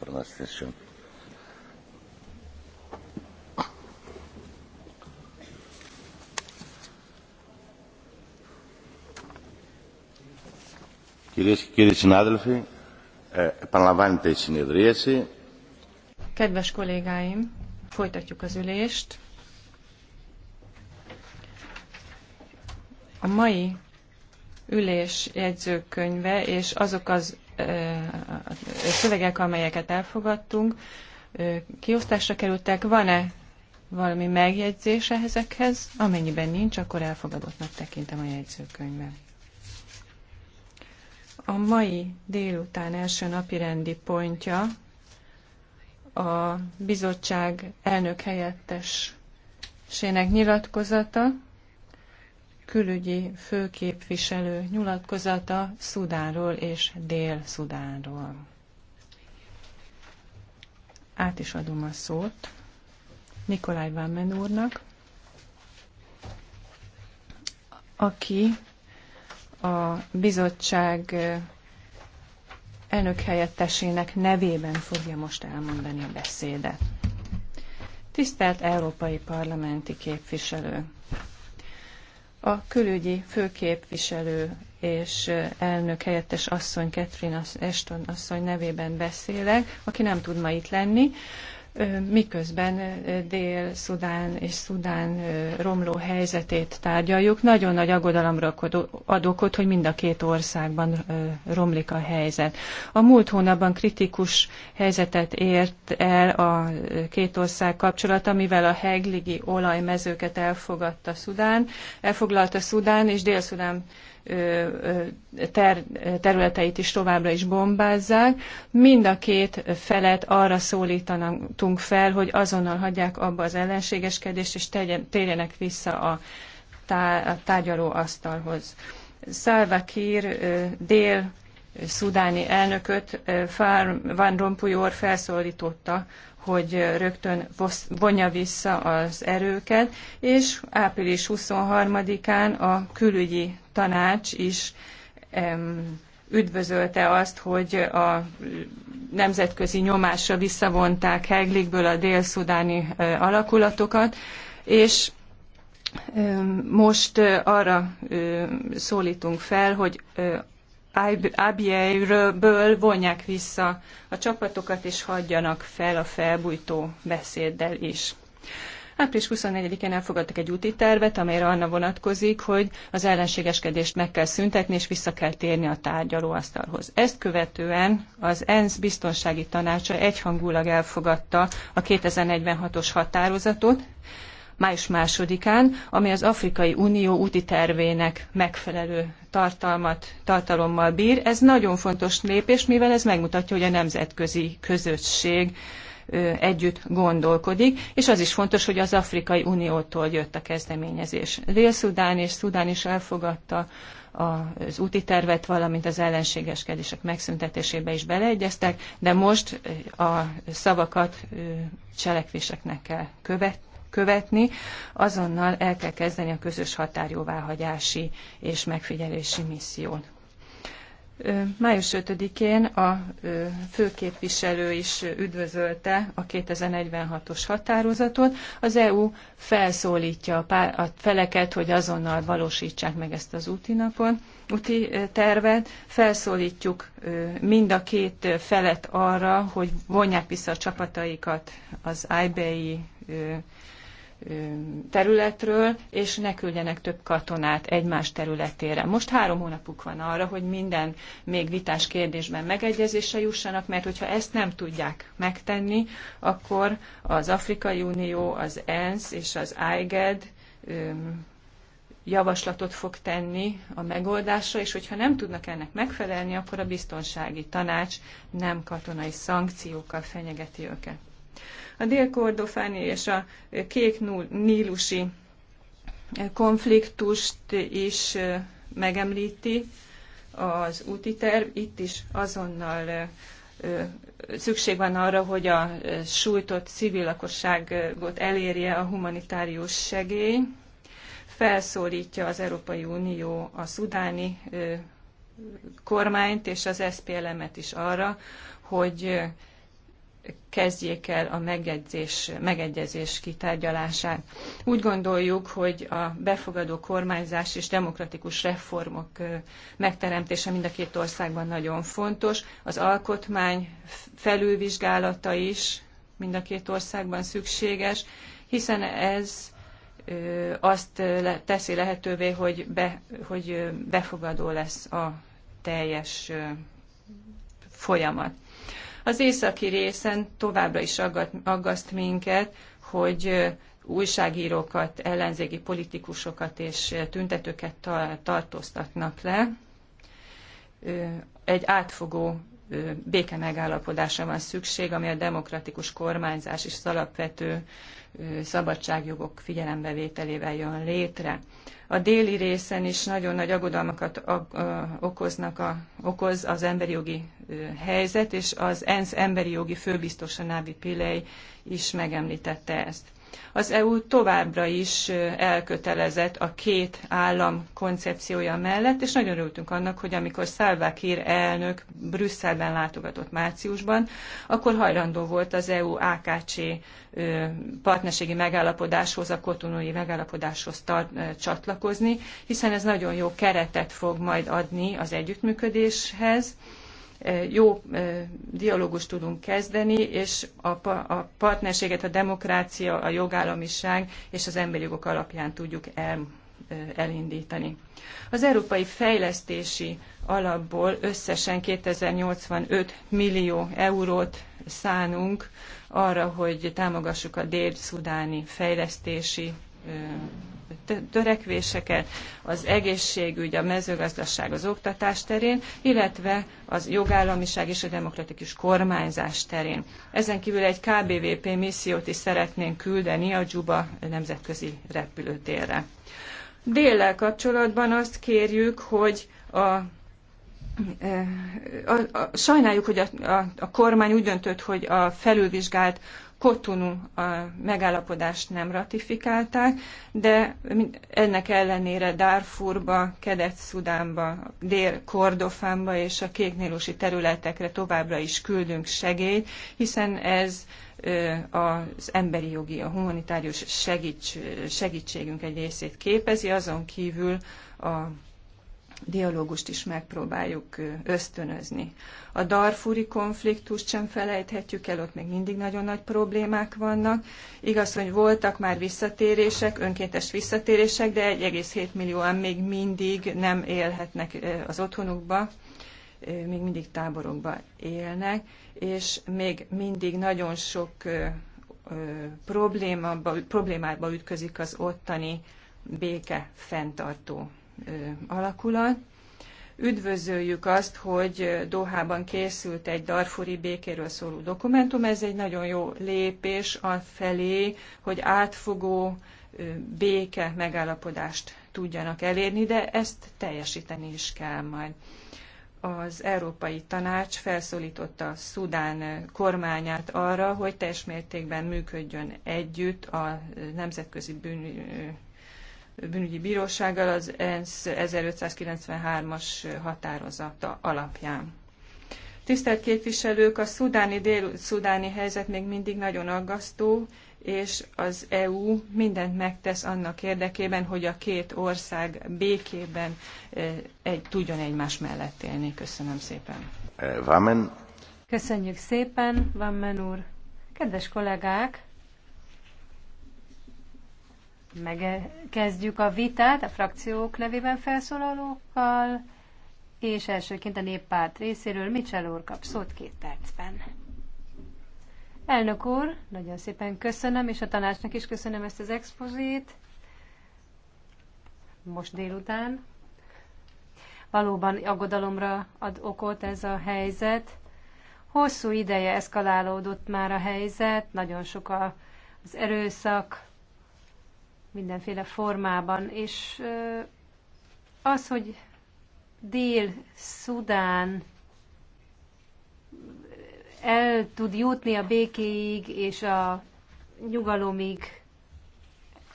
pronunciation. Κυρίες και κύριοι συνάδελφοι, επαναλαμβάνεται η συνεδρίαση. Kedves kollégáim, folytatjuk az ülést. A mai ülés jegyzőkönyve és azok az szövegek, amelyeket elfogadtunk, kiosztásra kerültek. Van-e valami megjegyzés ezekhez? Amennyiben nincs, akkor elfogadottnak tekintem a jegyzőkönyvben. A mai délután első napi rendi pontja a bizottság elnök helyettesének nyilatkozata külügyi főképviselő nyilatkozata Szudánról és Dél-Szudánról. Át is adom a szót Nikolaj Vámen úrnak, aki a bizottság elnök helyettesének nevében fogja most elmondani a beszédet. Tisztelt Európai Parlamenti Képviselő! a külügyi főképviselő és elnök helyettes asszony, Catherine Ashton asszony nevében beszélek, aki nem tud ma itt lenni miközben Dél-Szudán és Szudán romló helyzetét tárgyaljuk. Nagyon nagy aggodalomra ad okot, hogy mind a két országban romlik a helyzet. A múlt hónapban kritikus helyzetet ért el a két ország kapcsolata, mivel a hegligi olajmezőket elfogadta Szudán, elfoglalta Szudán és Dél-Szudán ter, területeit is továbbra is bombázzák. Mind a két felet arra szólítanunk fel, hogy azonnal hagyják abba az ellenségeskedést, és tegyen, térjenek vissza a, tá, a asztalhoz. Salva Kiir dél szudáni elnököt Van Rompuy felszólította hogy rögtön vonja vissza az erőket, és április 23-án a külügyi tanács is üdvözölte azt, hogy a nemzetközi nyomásra visszavonták Heglikből a dél-szudáni alakulatokat, és most arra szólítunk fel, hogy Abjeiről vonják vissza a csapatokat, és hagyjanak fel a felbújtó beszéddel is. Április 24-én elfogadtak egy úti tervet, amelyre anna vonatkozik, hogy az ellenségeskedést meg kell szüntetni, és vissza kell térni a tárgyalóasztalhoz. Ezt követően az ENSZ biztonsági tanácsa egyhangulag elfogadta a 2046-os határozatot, május másodikán, ami az Afrikai Unió úti tervének megfelelő tartalmat, tartalommal bír. Ez nagyon fontos lépés, mivel ez megmutatja, hogy a nemzetközi közösség együtt gondolkodik, és az is fontos, hogy az Afrikai Uniótól jött a kezdeményezés. Dél-Szudán és Szudán is elfogadta az úti tervet, valamint az ellenségeskedések megszüntetésébe is beleegyeztek, de most a szavakat cselekvéseknek kell követni követni, azonnal el kell kezdeni a közös határjóváhagyási és megfigyelési misszión. Május 5-én a főképviselő is üdvözölte a 2046-os határozatot. Az EU felszólítja a feleket, hogy azonnal valósítsák meg ezt az úti napon, úti tervet. Felszólítjuk mind a két felet arra, hogy vonják vissza a csapataikat az IBI területről, és ne küldjenek több katonát egymás területére. Most három hónapuk van arra, hogy minden még vitás kérdésben megegyezésre jussanak, mert hogyha ezt nem tudják megtenni, akkor az Afrikai Unió, az ENSZ és az IGED javaslatot fog tenni a megoldásra, és hogyha nem tudnak ennek megfelelni, akkor a biztonsági tanács nem katonai szankciókkal fenyegeti őket. A dél-kordofáni és a kék nílusi konfliktust is megemlíti az úti terv. Itt is azonnal szükség van arra, hogy a sújtott civil lakosságot elérje a humanitárius segély. Felszólítja az Európai Unió a szudáni kormányt és az SPLM-et is arra, hogy kezdjék el a megegyezés, megegyezés kitárgyalását. Úgy gondoljuk, hogy a befogadó kormányzás és demokratikus reformok megteremtése mind a két országban nagyon fontos. Az alkotmány felülvizsgálata is mind a két országban szükséges, hiszen ez azt teszi lehetővé, hogy, be, hogy befogadó lesz a teljes folyamat. Az északi részen továbbra is aggaszt minket, hogy újságírókat, ellenzéki politikusokat és tüntetőket tartóztatnak le. Egy átfogó béke megállapodásra van szükség, ami a demokratikus kormányzás és az alapvető szabadságjogok figyelembevételével jön létre. A déli részen is nagyon nagy aggodalmakat okoznak a, okoz az emberi jogi helyzet, és az ENSZ emberi jogi főbiztosa Návi Pilei is megemlítette ezt. Az EU továbbra is elkötelezett a két állam koncepciója mellett, és nagyon örültünk annak, hogy amikor Salva Kiir elnök Brüsszelben látogatott márciusban, akkor hajlandó volt az EU-AKC partnerségi megállapodáshoz, a kotonói megállapodáshoz tar- csatlakozni, hiszen ez nagyon jó keretet fog majd adni az együttműködéshez, jó dialógust tudunk kezdeni, és a, partnerséget a demokrácia, a jogállamiság és az emberi jogok alapján tudjuk el, elindítani. Az Európai Fejlesztési Alapból összesen 2085 millió eurót szánunk arra, hogy támogassuk a dél-szudáni fejlesztési törekvéseket az egészségügy, a mezőgazdaság, az oktatás terén, illetve az jogállamiság és a demokratikus kormányzás terén. Ezen kívül egy KBVP missziót is szeretnénk küldeni a Juba nemzetközi repülőtérre. Déllel kapcsolatban azt kérjük, hogy a e, a, a, sajnáljuk, hogy a, a, kormány úgy döntött, hogy a felülvizsgált Kotonu megállapodást nem ratifikálták, de ennek ellenére Darfurba, Kedet-Szudánba, Dél-Kordofánba és a kéknélusi területekre továbbra is küldünk segélyt, hiszen ez az emberi jogi, a humanitárius segíts, segítségünk egy részét képezi, azon kívül a dialógust is megpróbáljuk ösztönözni. A Darfuri konfliktust sem felejthetjük el, ott még mindig nagyon nagy problémák vannak. Igaz, hogy voltak már visszatérések, önkéntes visszatérések, de 1,7 millióan még mindig nem élhetnek az otthonukba, még mindig táborokba élnek, és még mindig nagyon sok problémába, problémába ütközik az ottani béke fenntartó alakulat. Üdvözöljük azt, hogy Dohában készült egy Darfuri békéről szóló dokumentum. Ez egy nagyon jó lépés a felé, hogy átfogó béke megállapodást tudjanak elérni, de ezt teljesíteni is kell majd az Európai Tanács felszólította a Szudán kormányát arra, hogy teljes mértékben működjön együtt a nemzetközi bűn, bűnügyi bírósággal az ENSZ 1593-as határozata alapján. Tisztelt képviselők, a szudáni, dél-szudáni helyzet még mindig nagyon aggasztó, és az EU mindent megtesz annak érdekében, hogy a két ország békében e, egy, tudjon egymás mellett élni. Köszönöm szépen. E, Vámen. Köszönjük szépen, Vámen úr. Kedves kollégák, Megkezdjük a vitát a frakciók nevében felszólalókkal, és elsőként a néppárt részéről Mitchell úr kap szót két percben. Elnök úr, nagyon szépen köszönöm, és a tanácsnak is köszönöm ezt az expozit. Most délután. Valóban aggodalomra ad okot ez a helyzet. Hosszú ideje eszkalálódott már a helyzet, nagyon sok az erőszak, mindenféle formában, és az, hogy Dél-Szudán el tud jutni a békéig és a nyugalomig,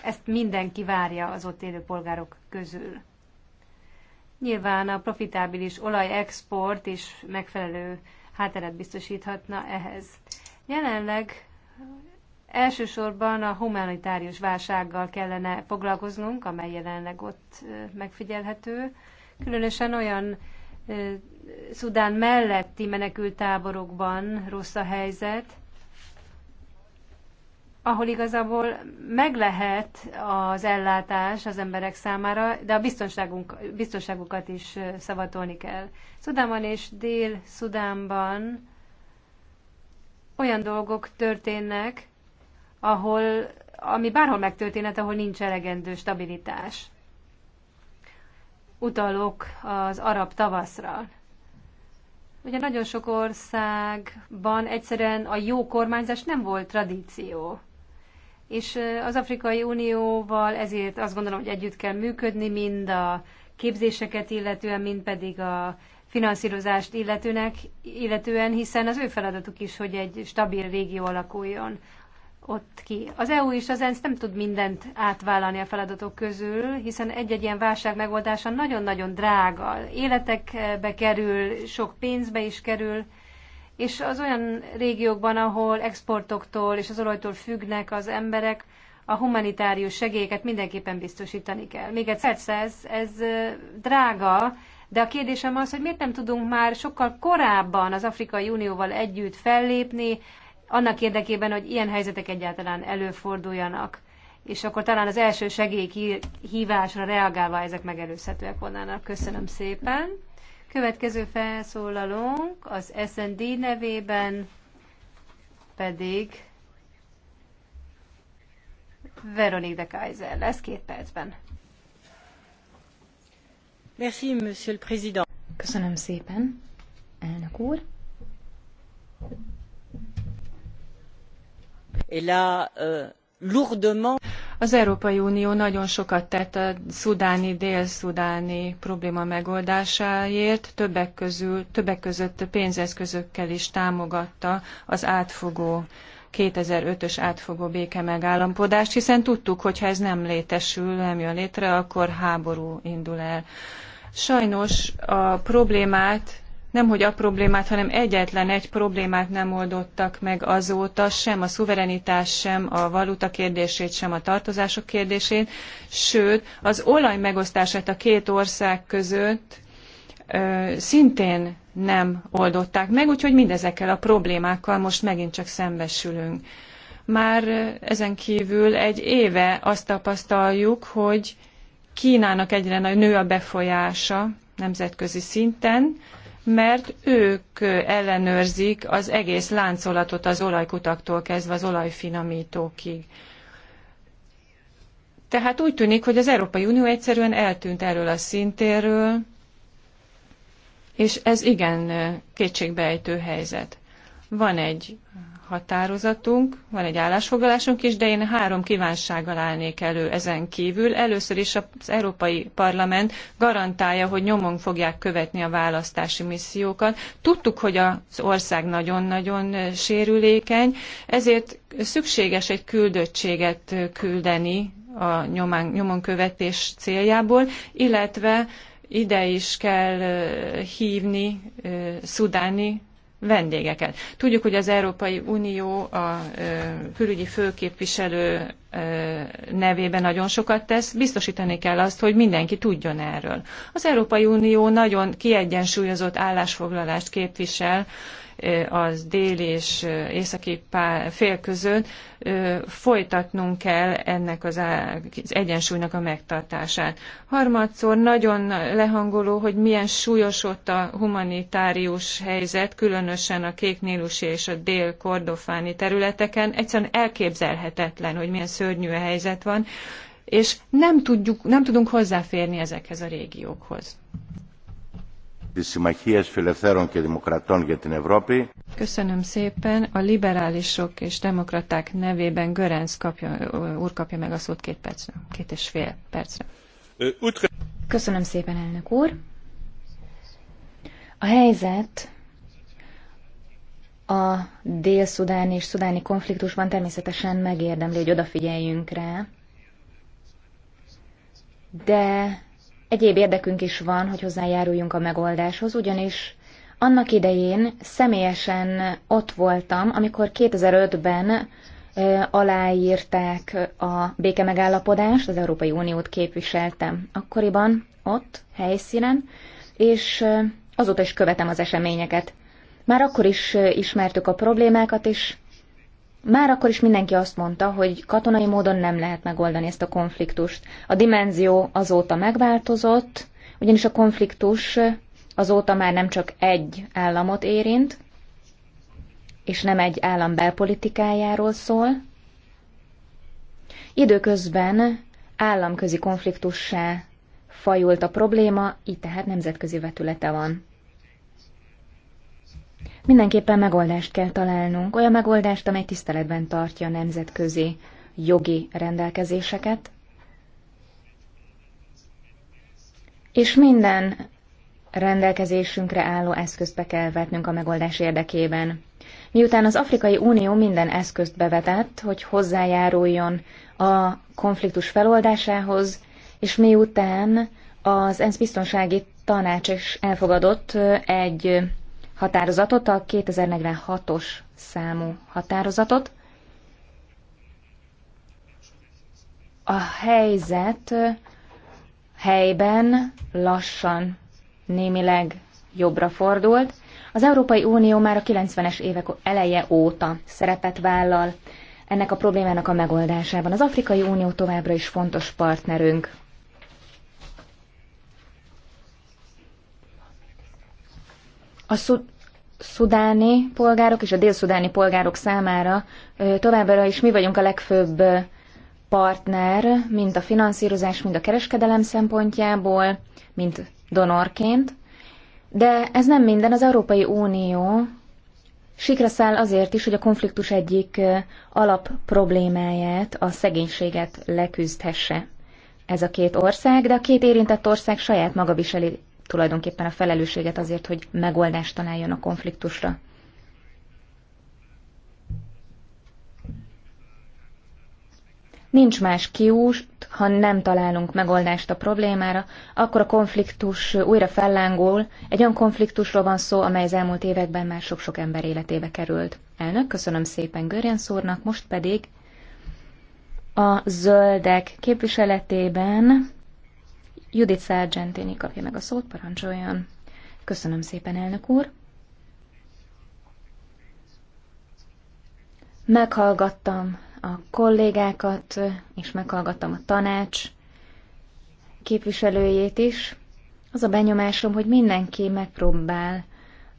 ezt mindenki várja az ott élő polgárok közül. Nyilván a profitábilis olajexport is megfelelő hátteret biztosíthatna ehhez. Jelenleg Elsősorban a humanitárius válsággal kellene foglalkoznunk, amely jelenleg ott megfigyelhető, különösen olyan Szudán melletti menekültáborokban rossz a helyzet, ahol igazából meg lehet az ellátás az emberek számára, de a biztonságunk, biztonságukat is szavatolni kell. Szudánban és Dél-Szudánban olyan dolgok történnek, ahol, ami bárhol megtörténhet, ahol nincs elegendő stabilitás. Utalok az arab tavaszra. Ugye nagyon sok országban egyszerűen a jó kormányzás nem volt tradíció. És az Afrikai Unióval ezért azt gondolom, hogy együtt kell működni, mind a képzéseket illetően, mind pedig a finanszírozást illetőnek, illetően, hiszen az ő feladatuk is, hogy egy stabil régió alakuljon ott ki. Az EU és az ENSZ e nem tud mindent átvállalni a feladatok közül, hiszen egy-egy ilyen válság megoldása nagyon-nagyon drága. Életekbe kerül, sok pénzbe is kerül, és az olyan régiókban, ahol exportoktól és az olajtól függnek az emberek, a humanitárius segélyeket mindenképpen biztosítani kell. Még egyszer, ez, ez drága, de a kérdésem az, hogy miért nem tudunk már sokkal korábban az Afrikai Unióval együtt fellépni, annak érdekében, hogy ilyen helyzetek egyáltalán előforduljanak, és akkor talán az első segélyhívásra reagálva ezek megelőzhetőek volnának. Köszönöm szépen. Következő felszólalónk az SND nevében pedig Veronique de Kaiser lesz két percben. Merci, monsieur le président. Köszönöm szépen, elnök úr. Euh, az Európai Unió nagyon sokat tett a szudáni, dél-szudáni probléma megoldásáért, többek, közül, többek között pénzeszközökkel is támogatta az átfogó 2005-ös átfogó béke megállapodást, hiszen tudtuk, hogy ha ez nem létesül, nem jön létre, akkor háború indul el. Sajnos a problémát nem hogy a problémát, hanem egyetlen egy problémát nem oldottak meg azóta, sem a szuverenitás, sem a valuta kérdését, sem a tartozások kérdését, sőt, az olaj megosztását a két ország között ö, szintén nem oldották meg, úgyhogy mindezekkel a problémákkal most megint csak szembesülünk. Már ezen kívül egy éve azt tapasztaljuk, hogy Kínának egyre nagy nő a befolyása nemzetközi szinten, mert ők ellenőrzik az egész láncolatot az olajkutaktól kezdve az olajfinomítókig. Tehát úgy tűnik, hogy az Európai Unió egyszerűen eltűnt erről a szintéről, és ez igen kétségbeejtő helyzet. Van egy határozatunk, van egy állásfoglalásunk is, de én három kívánsággal állnék elő ezen kívül. Először is az Európai Parlament garantálja, hogy nyomon fogják követni a választási missziókat. Tudtuk, hogy az ország nagyon-nagyon sérülékeny, ezért szükséges egy küldöttséget küldeni a nyomán, nyomon követés céljából, illetve ide is kell hívni szudáni vendégeket. Tudjuk, hogy az Európai Unió a külügyi főképviselő nevében nagyon sokat tesz, biztosítani kell azt, hogy mindenki tudjon erről. Az Európai Unió nagyon kiegyensúlyozott állásfoglalást képvisel az déli és északi fél között folytatnunk kell ennek az, egyensúlynak a megtartását. Harmadszor nagyon lehangoló, hogy milyen súlyos ott a humanitárius helyzet, különösen a Kéknélusi és a dél-kordofáni területeken. Egyszerűen elképzelhetetlen, hogy milyen szörnyű a helyzet van, és nem, tudjuk, nem tudunk hozzáférni ezekhez a régiókhoz. Köszönöm szépen. A liberálisok és demokraták nevében Görenc kapja, úr kapja meg a szót két percre, két és fél percre. Köszönöm szépen, elnök úr. A helyzet a dél-szudáni és szudáni konfliktusban természetesen megérdemli, hogy odafigyeljünk rá, de Egyéb érdekünk is van, hogy hozzájáruljunk a megoldáshoz, ugyanis annak idején személyesen ott voltam, amikor 2005-ben aláírták a békemegállapodást, az Európai Uniót képviseltem akkoriban, ott, helyszínen, és azóta is követem az eseményeket. Már akkor is ismertük a problémákat, és már akkor is mindenki azt mondta, hogy katonai módon nem lehet megoldani ezt a konfliktust. A dimenzió azóta megváltozott, ugyanis a konfliktus azóta már nem csak egy államot érint, és nem egy állam belpolitikájáról szól. Időközben államközi konfliktussá fajult a probléma, így tehát nemzetközi vetülete van. Mindenképpen megoldást kell találnunk, olyan megoldást, amely tiszteletben tartja a nemzetközi jogi rendelkezéseket, és minden rendelkezésünkre álló eszközbe kell vetnünk a megoldás érdekében. Miután az Afrikai Unió minden eszközt bevetett, hogy hozzájáruljon a konfliktus feloldásához, és miután az ENSZ biztonsági tanács is elfogadott egy határozatot, a 2046-os számú határozatot. A helyzet helyben lassan némileg jobbra fordult. Az Európai Unió már a 90-es évek eleje óta szerepet vállal ennek a problémának a megoldásában. Az Afrikai Unió továbbra is fontos partnerünk. A szud szudáni polgárok és a dél-szudáni polgárok számára továbbra is mi vagyunk a legfőbb partner, mint a finanszírozás, mint a kereskedelem szempontjából, mint donorként. De ez nem minden, az Európai Unió sikra száll azért is, hogy a konfliktus egyik alap problémáját, a szegénységet leküzdhesse. Ez a két ország, de a két érintett ország saját maga viseli tulajdonképpen a felelősséget azért, hogy megoldást találjon a konfliktusra. Nincs más kiút, ha nem találunk megoldást a problémára, akkor a konfliktus újra fellángol. Egy olyan konfliktusról van szó, amely az elmúlt években már sok-sok ember életébe került. Elnök, köszönöm szépen Görjens úrnak, most pedig a zöldek képviseletében Judith Sargentini kapja meg a szót, parancsoljon. Köszönöm szépen, elnök úr. Meghallgattam a kollégákat, és meghallgattam a tanács képviselőjét is. Az a benyomásom, hogy mindenki megpróbál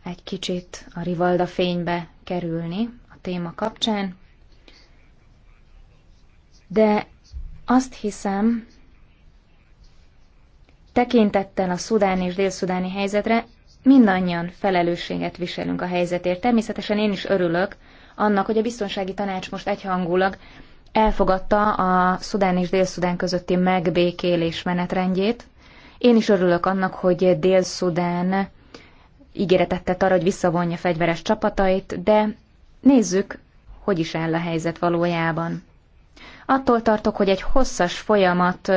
egy kicsit a rivalda fénybe kerülni a téma kapcsán, de azt hiszem, Tekintettel a szudáni és délszudáni helyzetre mindannyian felelősséget viselünk a helyzetért. Természetesen én is örülök annak, hogy a biztonsági tanács most egyhangulag elfogadta a Szudán és dél közötti megbékélés menetrendjét. Én is örülök annak, hogy dél ígéretet tett arra, hogy visszavonja fegyveres csapatait, de nézzük, hogy is áll a helyzet valójában. Attól tartok, hogy egy hosszas folyamat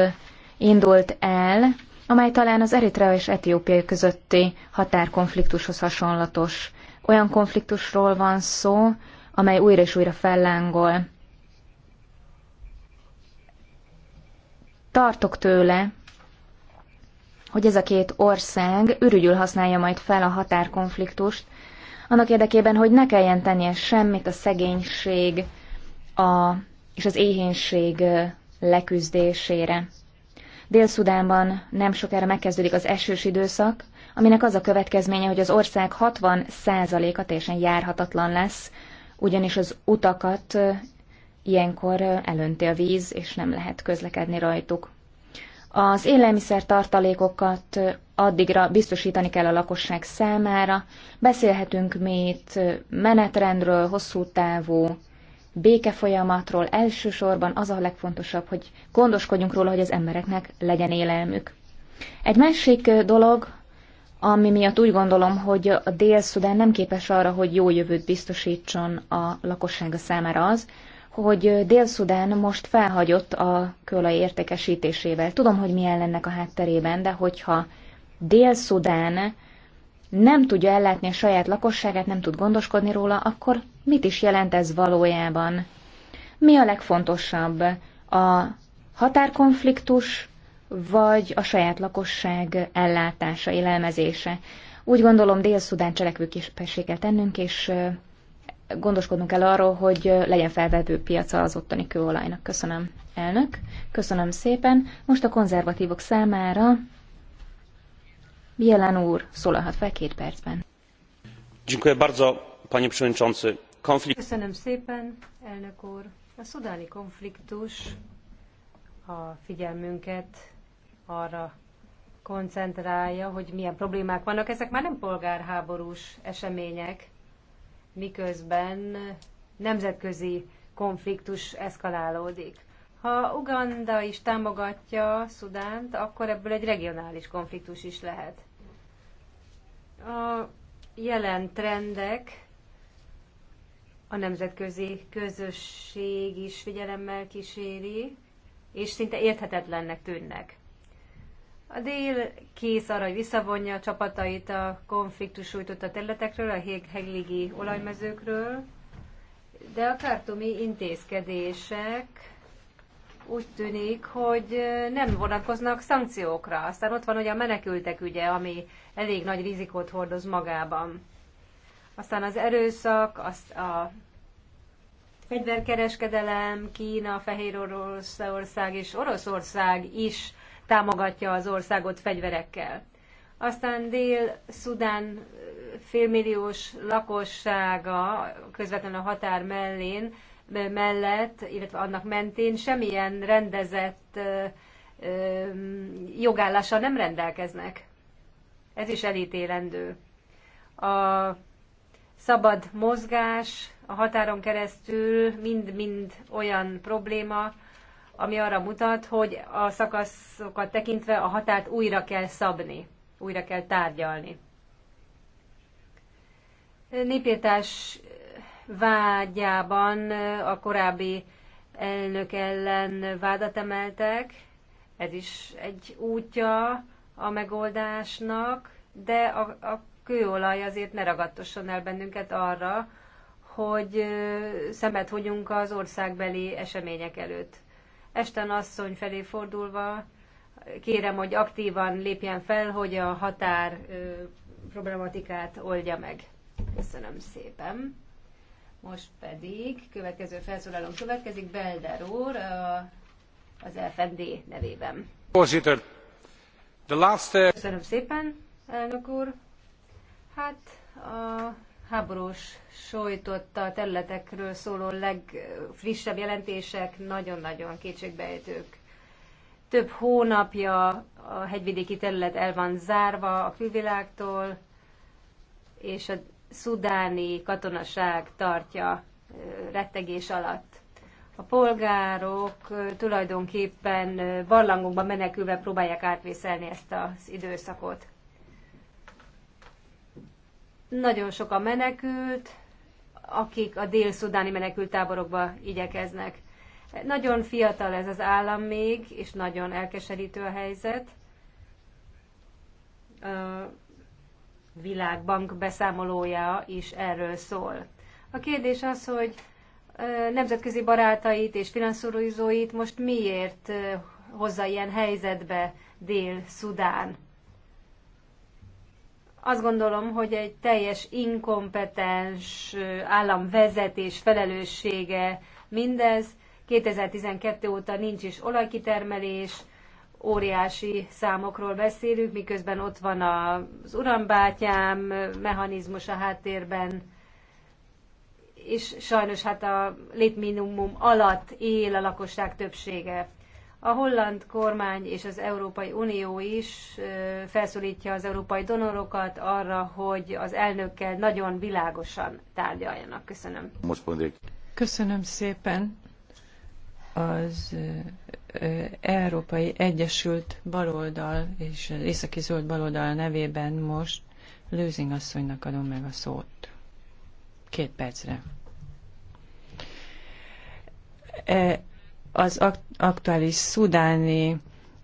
indult el, amely talán az Eritrea és Etiópia közötti határkonfliktushoz hasonlatos. Olyan konfliktusról van szó, amely újra és újra fellángol. Tartok tőle, hogy ez a két ország ürügyül használja majd fel a határkonfliktust, annak érdekében, hogy ne kelljen tennie semmit a szegénység a, és az éhénység leküzdésére. Dél-Szudánban nem sokára megkezdődik az esős időszak, aminek az a következménye, hogy az ország 60%-a teljesen járhatatlan lesz, ugyanis az utakat ilyenkor elönti a víz, és nem lehet közlekedni rajtuk. Az élelmiszer tartalékokat addigra biztosítani kell a lakosság számára. Beszélhetünk még menetrendről, hosszú távú folyamatról elsősorban az a legfontosabb, hogy gondoskodjunk róla, hogy az embereknek legyen élelmük. Egy másik dolog, ami miatt úgy gondolom, hogy a Dél-Szudán nem képes arra, hogy jó jövőt biztosítson a lakossága számára az, hogy Dél-Szudán most felhagyott a kőolaj értékesítésével. Tudom, hogy mi lennek a hátterében, de hogyha Dél-Szudán nem tudja ellátni a saját lakosságát, nem tud gondoskodni róla, akkor mit is jelent ez valójában? Mi a legfontosabb? A határkonfliktus, vagy a saját lakosság ellátása, élelmezése? Úgy gondolom, Dél-Szudán cselekvőképessé kell tennünk, és gondoskodnunk kell arról, hogy legyen felvevő piaca az ottani kőolajnak. Köszönöm, elnök. Köszönöm szépen. Most a konzervatívok számára Jelen úr, szólalhat fel két percben. Dziękuję bardzo, panie przewodniczący. Konflikt... Köszönöm szépen, elnök úr. A szudáni konfliktus a figyelmünket arra koncentrálja, hogy milyen problémák vannak. Ezek már nem polgárháborús események, miközben nemzetközi konfliktus eszkalálódik. Ha Uganda is támogatja Szudánt, akkor ebből egy regionális konfliktus is lehet. A jelen trendek a nemzetközi közösség is figyelemmel kíséri, és szinte érthetetlennek tűnnek. A dél kész arra, hogy visszavonja a csapatait a konfliktus sújtotta területekről, a hegligi olajmezőkről, de a kártumi intézkedések úgy tűnik, hogy nem vonatkoznak szankciókra. Aztán ott van ugye a menekültek ügye, ami elég nagy rizikót hordoz magában. Aztán az erőszak, azt a fegyverkereskedelem, Kína, Fehér Oroszország és Oroszország is támogatja az országot fegyverekkel. Aztán Dél-Szudán félmilliós lakossága közvetlenül a határ mellén mellett, illetve annak mentén semmilyen rendezett jogállással nem rendelkeznek. Ez is elítélendő. A szabad mozgás a határon keresztül mind-mind olyan probléma, ami arra mutat, hogy a szakaszokat tekintve a határt újra kell szabni, újra kell tárgyalni. Népírtás vágyában a korábbi elnök ellen vádat emeltek. Ez is egy útja a megoldásnak, de a, a kőolaj azért ne ragadtosson el bennünket arra, hogy szemet hogyunk az országbeli események előtt. Esten asszony felé fordulva kérem, hogy aktívan lépjen fel, hogy a határ problematikát oldja meg. Köszönöm szépen. Most pedig következő felszólalom következik, Belder úr az FND nevében. Köszönöm szépen, elnök úr. Hát a háborús sojtotta területekről szóló legfrissebb jelentések nagyon-nagyon kétségbejtők. Több hónapja a hegyvidéki terület el van zárva a külvilágtól, és a szudáni katonaság tartja rettegés alatt. A polgárok tulajdonképpen barlangokban menekülve próbálják átvészelni ezt az időszakot. Nagyon sok a menekült, akik a dél-szudáni menekültáborokba igyekeznek. Nagyon fiatal ez az állam még, és nagyon elkeserítő a helyzet Világbank beszámolója is erről szól. A kérdés az, hogy nemzetközi barátait és finanszírozóit most miért hozza ilyen helyzetbe Dél-Szudán? Azt gondolom, hogy egy teljes inkompetens államvezetés felelőssége mindez. 2012 óta nincs is olajkitermelés, óriási számokról beszélünk, miközben ott van az urambátyám mechanizmus a háttérben, és sajnos hát a létminimum alatt él a lakosság többsége. A holland kormány és az Európai Unió is felszólítja az európai donorokat arra, hogy az elnökkel nagyon világosan tárgyaljanak. Köszönöm. Most mondjuk. Köszönöm szépen az Európai Egyesült Baloldal és az Északi Zöld Baloldal nevében most Lőzing asszonynak adom meg a szót. Két percre. E, az aktuális szudáni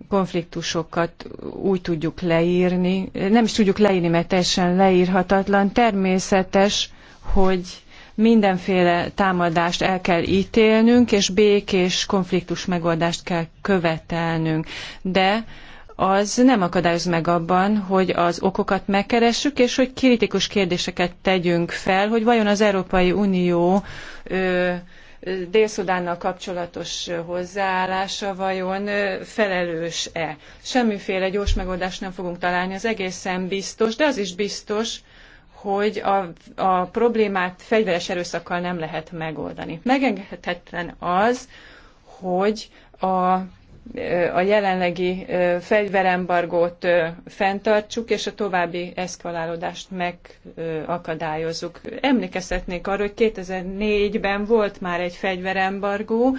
konfliktusokat úgy tudjuk leírni, nem is tudjuk leírni, mert teljesen leírhatatlan. Természetes, hogy mindenféle támadást el kell ítélnünk, és békés konfliktus megoldást kell követelnünk. De az nem akadályoz meg abban, hogy az okokat megkeressük, és hogy kritikus kérdéseket tegyünk fel, hogy vajon az Európai Unió ö, Dél-Szudánnal kapcsolatos hozzáállása vajon felelős-e. Semmiféle gyors megoldást nem fogunk találni, az egészen biztos, de az is biztos, hogy a, a problémát fegyveres erőszakkal nem lehet megoldani. Megengedhetetlen az, hogy a, a jelenlegi fegyverembargót fenntartsuk, és a további eszkalálódást megakadályozzuk. Emlékezhetnék arra, hogy 2004-ben volt már egy fegyverembargó,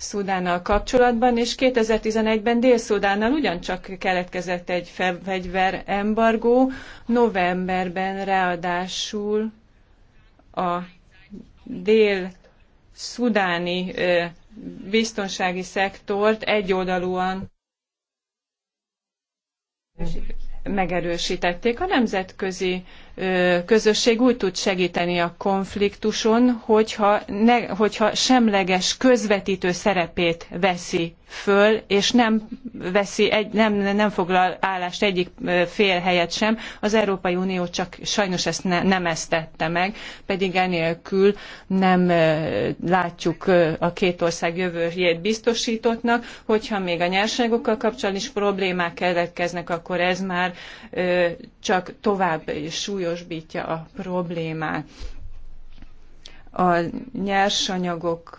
Szudánnal kapcsolatban, és 2011-ben Dél-Szudánnal ugyancsak keletkezett egy fegyverembargó, novemberben ráadásul a dél-szudáni biztonsági szektort egyoldalúan megerősítették. A nemzetközi közösség úgy tud segíteni a konfliktuson, hogyha, ne, hogyha semleges közvetítő szerepét veszi föl, és nem, veszi egy, nem, nem foglal állást egyik fél helyett sem. Az Európai Unió csak sajnos ezt ne, nem ezt tette meg, pedig enélkül nem látjuk a két ország jövőjét biztosítottnak, hogyha még a nyerságokkal kapcsolatban is problémák keletkeznek, akkor ez már csak tovább súlyos súlyosbítja a problémát. A nyersanyagok,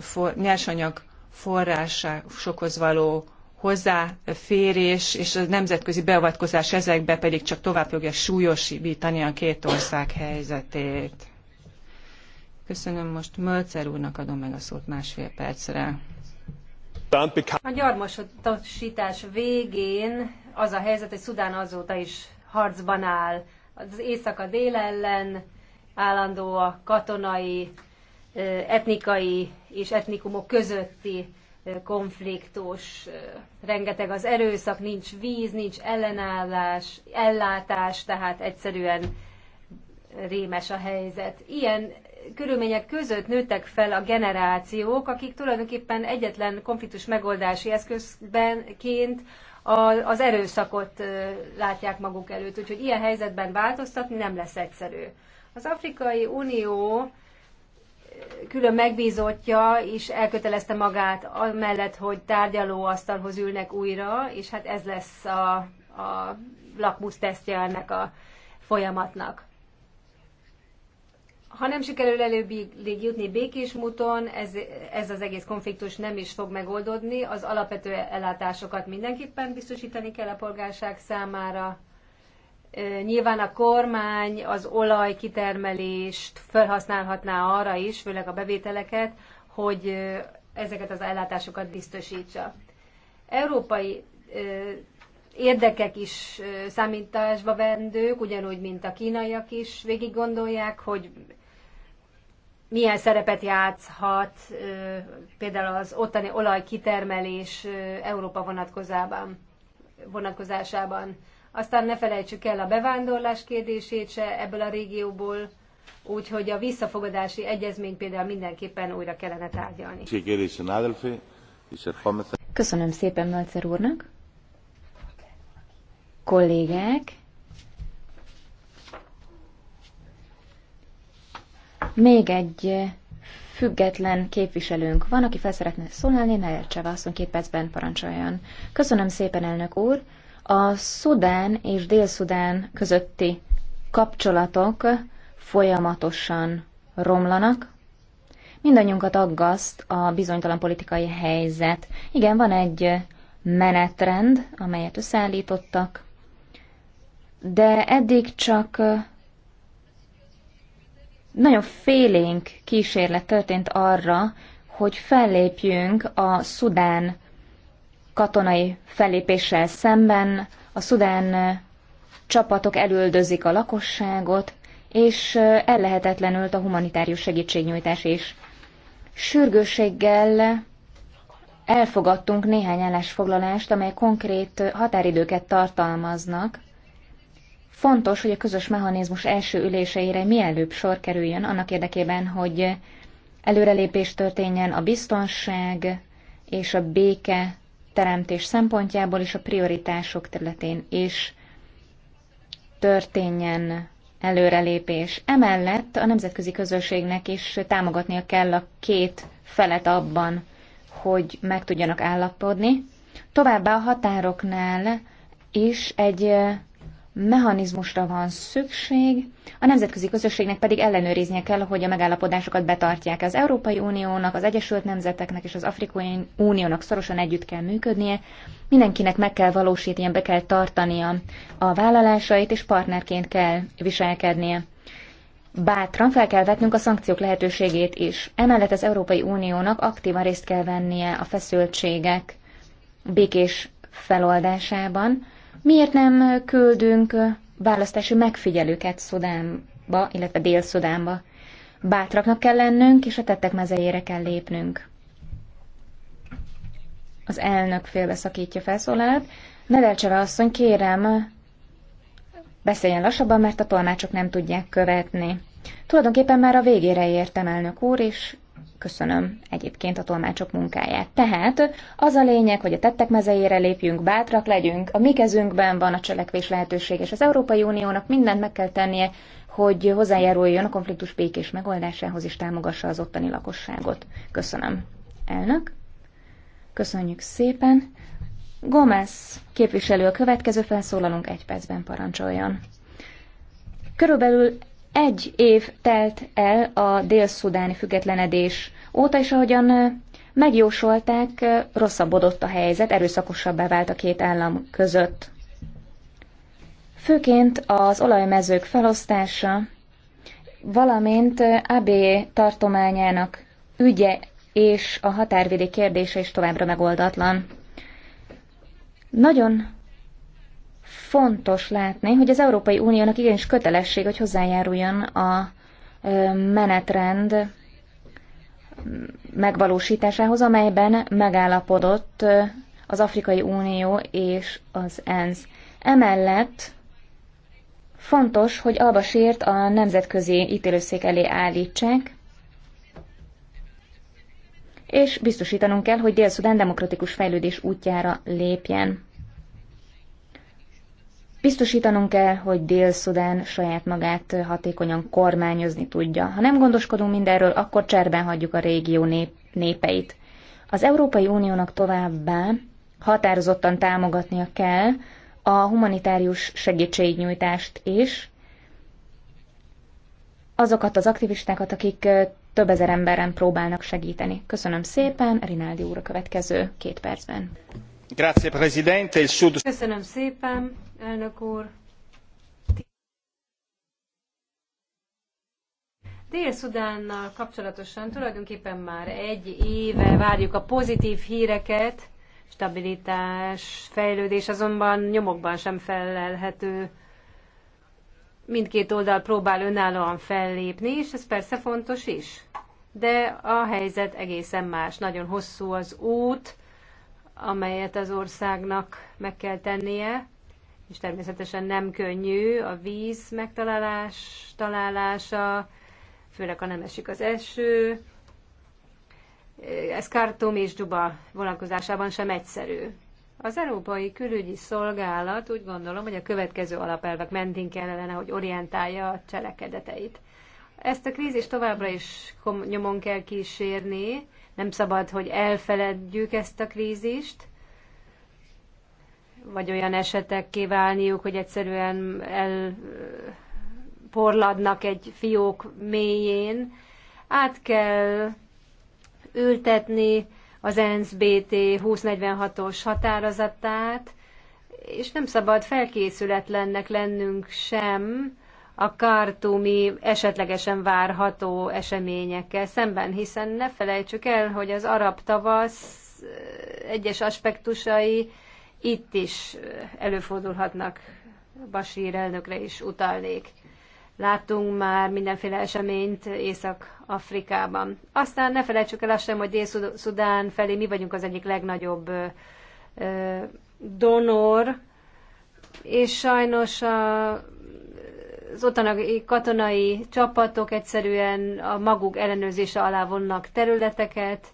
for, nyersanyag forrásokhoz való hozzáférés és a nemzetközi beavatkozás ezekbe pedig csak tovább fogja súlyosítani a két ország helyzetét. Köszönöm, most Mölcer úrnak adom meg a szót másfél percre. A gyarmosítás végén az a helyzet, hogy Szudán azóta is harcban áll az éjszaka dél ellen, állandó a katonai, etnikai és etnikumok közötti konfliktus, rengeteg az erőszak, nincs víz, nincs ellenállás, ellátás, tehát egyszerűen rémes a helyzet. Ilyen körülmények között nőttek fel a generációk, akik tulajdonképpen egyetlen konfliktus megoldási eszközbenként az erőszakot látják maguk előtt. Úgyhogy ilyen helyzetben változtatni nem lesz egyszerű. Az Afrikai Unió külön megbízottja és elkötelezte magát amellett, hogy tárgyalóasztalhoz ülnek újra, és hát ez lesz a, a lakmusztesztje ennek a folyamatnak. Ha nem sikerül előbbig jutni békés muton ez, ez az egész konfliktus nem is fog megoldódni. Az alapvető ellátásokat mindenképpen biztosítani kell a polgárság számára. Nyilván a kormány az olaj kitermelést felhasználhatná arra is, főleg a bevételeket, hogy ezeket az ellátásokat biztosítsa. Európai érdekek is számításba vendők, ugyanúgy, mint a kínaiak is végig gondolják, hogy milyen szerepet játszhat például az ottani olajkitermelés Európa vonatkozában, vonatkozásában. Aztán ne felejtsük el a bevándorlás kérdését se ebből a régióból, úgyhogy a visszafogadási egyezményt például mindenképpen újra kellene tárgyalni. Köszönöm szépen Mölcer úrnak. Kollégák, Még egy független képviselőnk van, aki fel szeretne szólalni, ne értse azt két percben parancsoljon. Köszönöm szépen, elnök úr! A Szudán és Dél-Szudán közötti kapcsolatok folyamatosan romlanak. Mindannyiunkat aggaszt a bizonytalan politikai helyzet. Igen, van egy menetrend, amelyet összeállítottak, de eddig csak nagyon félénk kísérlet történt arra, hogy fellépjünk a Szudán katonai fellépéssel szemben, a Szudán csapatok elüldözik a lakosságot, és eh, ellehetetlenült a humanitárius segítségnyújtás is. Sürgőséggel elfogadtunk néhány állásfoglalást, amely konkrét határidőket tartalmaznak Fontos, hogy a közös mechanizmus első üléseire mielőbb sor kerüljön annak érdekében, hogy előrelépés történjen a biztonság és a béke teremtés szempontjából és a prioritások területén is történjen előrelépés. Emellett a nemzetközi közösségnek is támogatnia kell a két felet abban, hogy meg tudjanak állapodni. Továbbá a határoknál is egy mechanizmusra van szükség, a nemzetközi közösségnek pedig ellenőriznie kell, hogy a megállapodásokat betartják. Az Európai Uniónak, az Egyesült Nemzeteknek és az Afrikai Uniónak szorosan együtt kell működnie, mindenkinek meg kell valósítania, be kell tartania a vállalásait, és partnerként kell viselkednie. Bátran fel kell vetnünk a szankciók lehetőségét is. Emellett az Európai Uniónak aktívan részt kell vennie a feszültségek békés feloldásában, Miért nem küldünk választási megfigyelőket Szudánba, illetve Dél-Szudánba? Bátraknak kell lennünk, és a tettek mezejére kell lépnünk. Az elnök félbeszakítja felszólalat. Nedelcseve asszony, kérem, beszéljen lassabban, mert a tolmácsok nem tudják követni. Tulajdonképpen már a végére értem, elnök úr, és Köszönöm egyébként a tolmácsok munkáját. Tehát az a lényeg, hogy a tettek mezejére lépjünk, bátrak legyünk, a mi kezünkben van a cselekvés lehetőség, és az Európai Uniónak mindent meg kell tennie, hogy hozzájáruljon a konfliktus békés megoldásához és támogassa az ottani lakosságot. Köszönöm. Elnök. Köszönjük szépen. Gomez képviselő a következő felszólalunk egy percben parancsoljon. Körülbelül egy év telt el a dél-szudáni függetlenedés óta, is, ahogyan megjósolták, rosszabbodott a helyzet, erőszakosabbá vált a két állam között. Főként az olajmezők felosztása, valamint AB tartományának ügye és a határvidék kérdése is továbbra megoldatlan. Nagyon fontos látni, hogy az Európai Uniónak igenis kötelesség, hogy hozzájáruljon a menetrend megvalósításához, amelyben megállapodott az Afrikai Unió és az ENSZ. Emellett fontos, hogy Sért a nemzetközi ítélőszék elé állítsák, és biztosítanunk kell, hogy Dél-Szudán demokratikus fejlődés útjára lépjen. Biztosítanunk kell, hogy Dél-Szudán saját magát hatékonyan kormányozni tudja. Ha nem gondoskodunk mindenről, akkor cserben hagyjuk a régió nép, népeit. Az Európai Uniónak továbbá határozottan támogatnia kell a humanitárius segítségnyújtást is, azokat az aktivistákat, akik több ezer emberen próbálnak segíteni. Köszönöm szépen, Rinaldi úr a következő két percben. Köszönöm szépen, elnök úr. Dél-Szudánnal kapcsolatosan tulajdonképpen már egy éve várjuk a pozitív híreket, stabilitás, fejlődés azonban nyomokban sem felelhető. Mindkét oldal próbál önállóan fellépni, és ez persze fontos is. De a helyzet egészen más, nagyon hosszú az út, amelyet az országnak meg kell tennie, és természetesen nem könnyű a víz megtalálás, találása, főleg ha nem esik az eső. Ez Kártum és Duba vonatkozásában sem egyszerű. Az Európai Külügyi Szolgálat úgy gondolom, hogy a következő alapelvek mentén kellene, hogy orientálja a cselekedeteit. Ezt a krízis továbbra is nyomon kell kísérni, nem szabad, hogy elfeledjük ezt a krízist, vagy olyan esetek kiválniuk, hogy egyszerűen elporladnak egy fiók mélyén. Át kell ültetni az BT 2046-os határozatát, és nem szabad felkészületlennek lennünk sem, a kartumi esetlegesen várható eseményekkel szemben, hiszen ne felejtsük el, hogy az arab tavasz eh, egyes aspektusai itt is eh, előfordulhatnak, Basír elnökre is utalnék. Láttunk már mindenféle eseményt Észak-Afrikában. Aztán ne felejtsük el azt sem, hogy Dél-Szudán felé mi vagyunk az egyik legnagyobb eh, donor, és sajnos a az ottani katonai csapatok egyszerűen a maguk ellenőrzése alá vonnak területeket,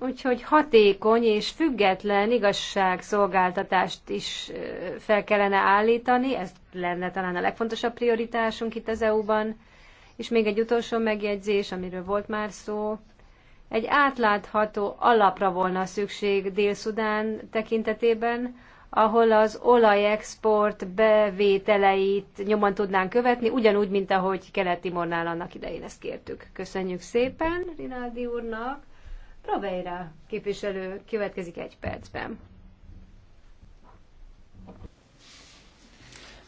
Úgyhogy hatékony és független igazságszolgáltatást is fel kellene állítani, ez lenne talán a legfontosabb prioritásunk itt az EU-ban. És még egy utolsó megjegyzés, amiről volt már szó. Egy átlátható alapra volna szükség Dél-Szudán tekintetében, ahol az olajexport bevételeit nyomon tudnánk követni, ugyanúgy, mint ahogy Kelet-Timornál annak idején ezt kértük. Köszönjük szépen Rinaldi úrnak. Proveira képviselő következik egy percben.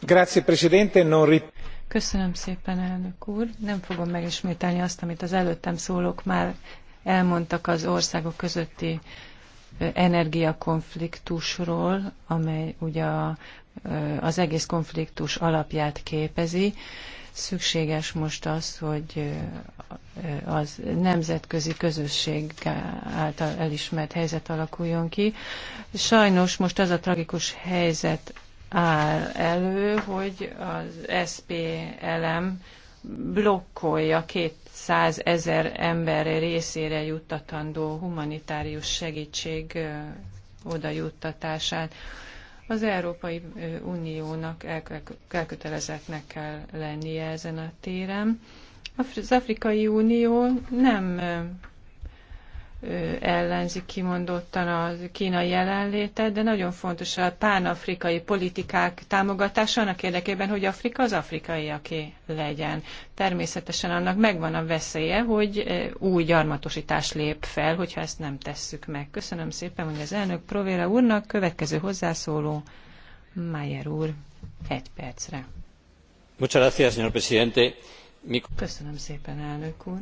Grazie, Presidente. Non rip- Köszönöm szépen, elnök úr. Nem fogom megismételni azt, amit az előttem szólók már elmondtak az országok közötti uh, energiakonfliktusról, amely ugye az egész konfliktus alapját képezi. Szükséges most az, hogy az nemzetközi közösség által elismert helyzet alakuljon ki. Sajnos most az a tragikus helyzet áll elő, hogy az SPLM blokkolja két 100 ezer ember részére juttatandó humanitárius segítség oda juttatását. Az Európai Uniónak elkötelezettnek kell lennie ezen a téren. Az Afrikai Unió nem ellenzik kimondottan a kínai jelenlétet, de nagyon fontos a pánafrikai politikák támogatása annak érdekében, hogy Afrika az afrikaiaké legyen. Természetesen annak megvan a veszélye, hogy új gyarmatosítás lép fel, hogyha ezt nem tesszük meg. Köszönöm szépen, hogy az elnök Provéra úrnak következő hozzászóló Mayer úr egy percre. Köszönöm szépen, elnök úr.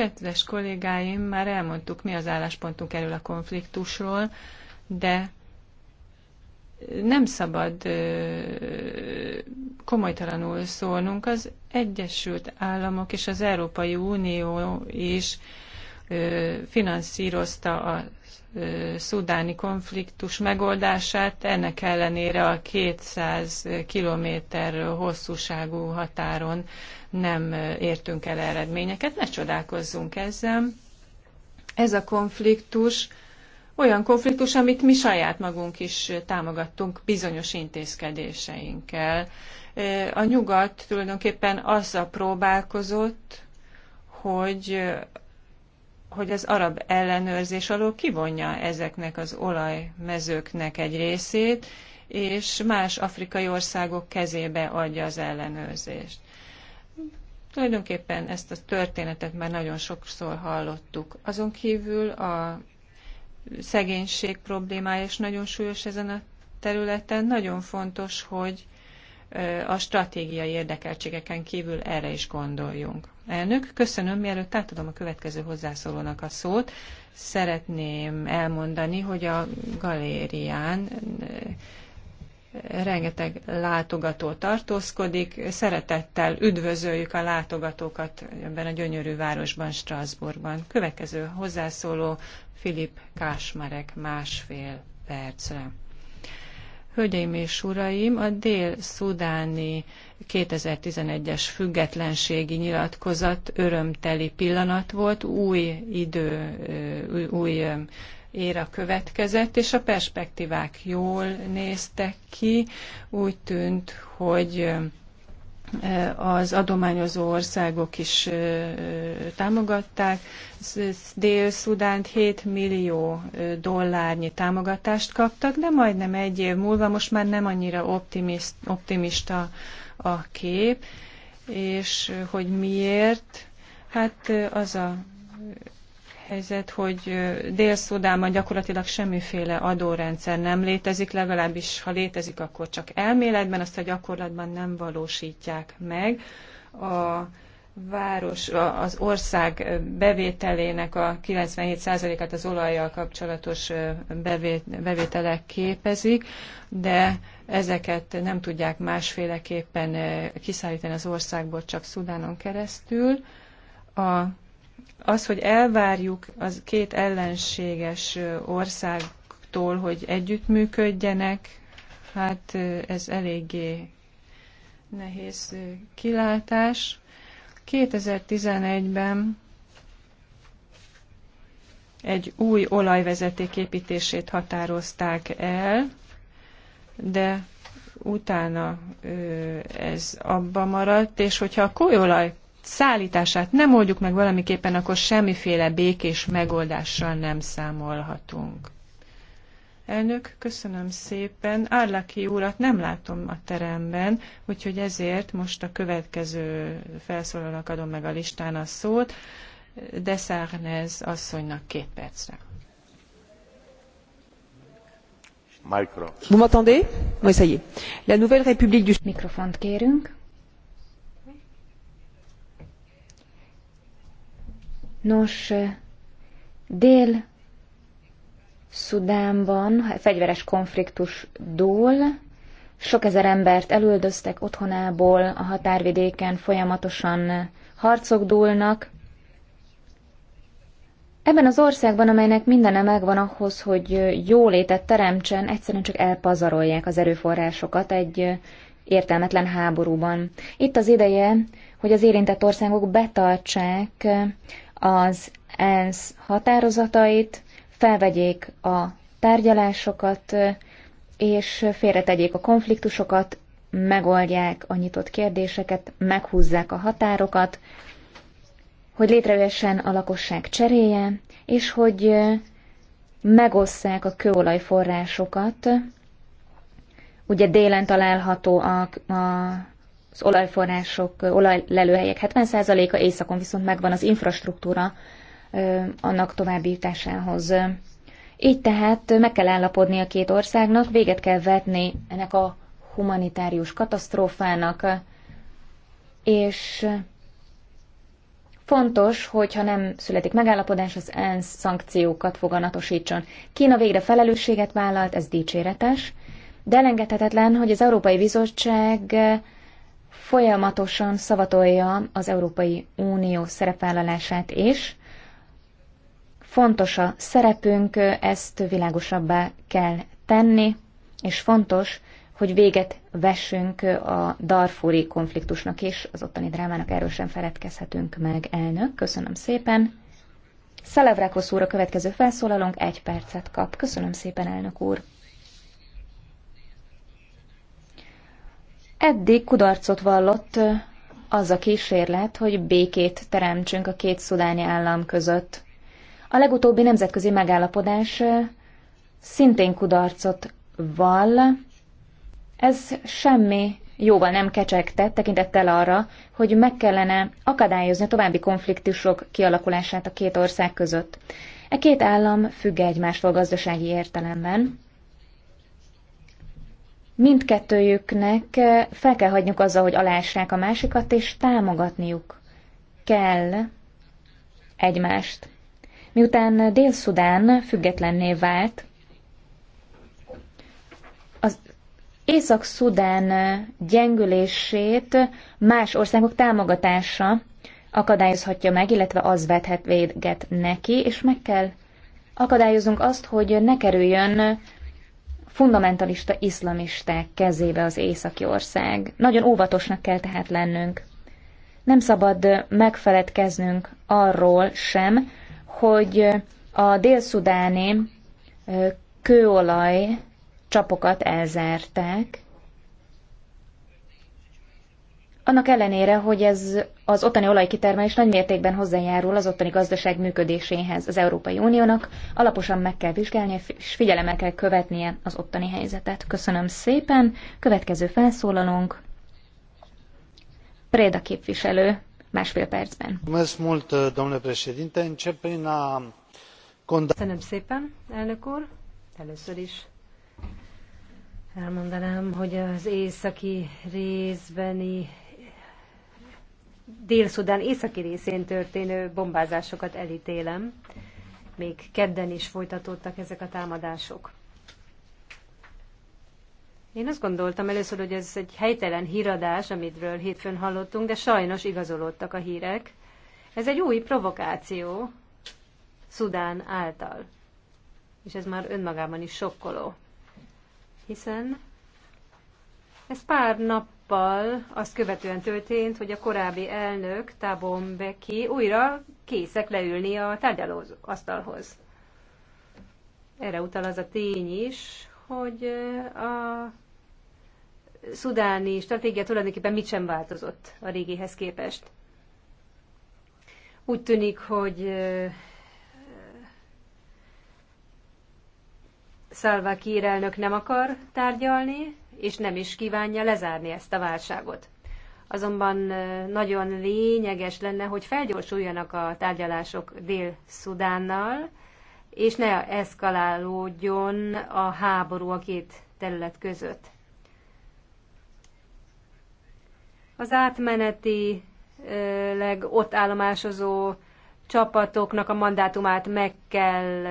Kedves kollégáim, már elmondtuk, mi az álláspontunk erről a konfliktusról, de nem szabad komolytalanul szólnunk. Az Egyesült Államok és az Európai Unió is finanszírozta a szudáni konfliktus megoldását, ennek ellenére a 200 kilométer hosszúságú határon nem értünk el eredményeket. Ne csodálkozzunk ezzel. Ez a konfliktus olyan konfliktus, amit mi saját magunk is támogattunk bizonyos intézkedéseinkkel. A nyugat tulajdonképpen azzal próbálkozott, hogy hogy az arab ellenőrzés alól kivonja ezeknek az olajmezőknek egy részét, és más afrikai országok kezébe adja az ellenőrzést. Tulajdonképpen ezt a történetet már nagyon sokszor hallottuk. Azon kívül a szegénység problémája is nagyon súlyos ezen a területen. Nagyon fontos, hogy a stratégiai érdekeltségeken kívül erre is gondoljunk. Elnök, köszönöm, mielőtt átadom a következő hozzászólónak a szót. Szeretném elmondani, hogy a galérián eh, rengeteg látogató tartózkodik. Szeretettel üdvözöljük a látogatókat ebben a gyönyörű városban, Strasbourgban. Következő hozzászóló Filip Kásmarek másfél percre. Hölgyeim és uraim, a dél-szudáni 2011-es függetlenségi nyilatkozat örömteli pillanat volt, új idő, új éra következett, és a perspektívák jól néztek ki. Úgy tűnt, hogy az adományozó országok is támogatták. Dél-Szudánt 7 millió dollárnyi támogatást kaptak, de majdnem egy év múlva most már nem annyira optimist, optimista a kép, és hogy miért, hát az a helyzet, hogy Dél-Szudánban gyakorlatilag semmiféle adórendszer nem létezik, legalábbis ha létezik, akkor csak elméletben, azt a gyakorlatban nem valósítják meg. A város, az ország bevételének a 97%-át az olajjal kapcsolatos bevételek képezik, de ezeket nem tudják másféleképpen kiszállítani az országból, csak Szudánon keresztül. A, az, hogy elvárjuk az két ellenséges országtól, hogy együttműködjenek, hát ez eléggé nehéz kilátás. 2011-ben egy új olajvezeték építését határozták el, de utána ez abba maradt, és hogyha a kőolaj szállítását nem oldjuk meg valamiképpen, akkor semmiféle békés megoldással nem számolhatunk. Elnök, köszönöm szépen. Árlaki úrat nem látom a teremben, úgyhogy ezért most a következő felszólalnak adom meg a listán a szót. Desarnez asszonynak két percre. Vous m'entendez? Oui, ça y est. La Nouvelle République du... Mikrofont kérünk. Nos, Dél Szudánban fegyveres konfliktus dúl, sok ezer embert elüldöztek otthonából, a határvidéken folyamatosan harcok dúlnak. Ebben az országban, amelynek mindene megvan ahhoz, hogy jólétet teremtsen, egyszerűen csak elpazarolják az erőforrásokat egy értelmetlen háborúban. Itt az ideje, hogy az érintett országok betartsák az ENSZ határozatait, felvegyék a tárgyalásokat, és félretegyék a konfliktusokat, megoldják a nyitott kérdéseket, meghúzzák a határokat, hogy létrejöjjön a lakosság cseréje, és hogy megosszák a kőolajforrásokat. Ugye délen található a, a, az olajforrások, olajlelőhelyek 70%-a, északon viszont megvan az infrastruktúra annak továbbításához. Így tehát meg kell állapodni a két országnak, véget kell vetni ennek a humanitárius katasztrófának, és fontos, hogyha nem születik megállapodás, az ENSZ szankciókat foganatosítson. Kína végre felelősséget vállalt, ez dicséretes, de elengedhetetlen, hogy az Európai Bizottság folyamatosan szavatolja az Európai Unió szerepvállalását is, Fontos a szerepünk, ezt világosabbá kell tenni, és fontos, hogy véget vessünk a Darfúri konfliktusnak is, az ottani drámának erről sem feledkezhetünk meg, elnök. Köszönöm szépen. Szelevrákos úr a következő felszólalónk egy percet kap. Köszönöm szépen, elnök úr. Eddig kudarcot vallott az a kísérlet, hogy békét teremtsünk a két szudáni állam között. A legutóbbi nemzetközi megállapodás szintén kudarcot vall. Ez semmi jóval nem kecsegtet tekintettel arra, hogy meg kellene akadályozni a további konfliktusok kialakulását a két ország között. E két állam függ egymástól gazdasági értelemben. Mindkettőjüknek fel kell hagyniuk azzal, hogy alássák a másikat, és támogatniuk kell egymást. Miután Dél-Szudán függetlenné vált, az Észak-Szudán gyengülését más országok támogatása akadályozhatja meg, illetve az vethet véget neki, és meg kell akadályozunk azt, hogy ne kerüljön fundamentalista iszlamisták kezébe az északi ország. Nagyon óvatosnak kell tehát lennünk. Nem szabad megfeledkeznünk arról sem, hogy a dél-szudáni kőolaj csapokat elzárták, annak ellenére, hogy ez az ottani olajkitermelés nagy mértékben hozzájárul az ottani gazdaság működéséhez az Európai Uniónak, alaposan meg kell vizsgálni, és figyelemmel kell követnie az ottani helyzetet. Köszönöm szépen. Következő felszólalónk. Préda képviselő másfél percben. Köszönöm szépen, elnök úr. Először is elmondanám, hogy az északi részbeni Dél-Szudán északi részén történő bombázásokat elítélem. Még kedden is folytatódtak ezek a támadások. Én azt gondoltam először, hogy ez egy helytelen híradás, amitről hétfőn hallottunk, de sajnos igazolódtak a hírek. Ez egy új provokáció Szudán által. És ez már önmagában is sokkoló. Hiszen ez pár nappal azt követően történt, hogy a korábbi elnök Tabon Beki újra készek leülni a tárgyalóasztalhoz. Erre utal az a tény is, hogy eh, a szudáni stratégia tulajdonképpen mit sem változott a régihez képest. Úgy tűnik, hogy eh, Salva Kiir nem akar tárgyalni, és nem is kívánja lezárni ezt a válságot. Azonban eh, nagyon lényeges lenne, hogy felgyorsuljanak a tárgyalások Dél-Szudánnal, és ne eszkalálódjon a háború a két terület között. Az átmeneti leg ott állomásozó csapatoknak a mandátumát meg kell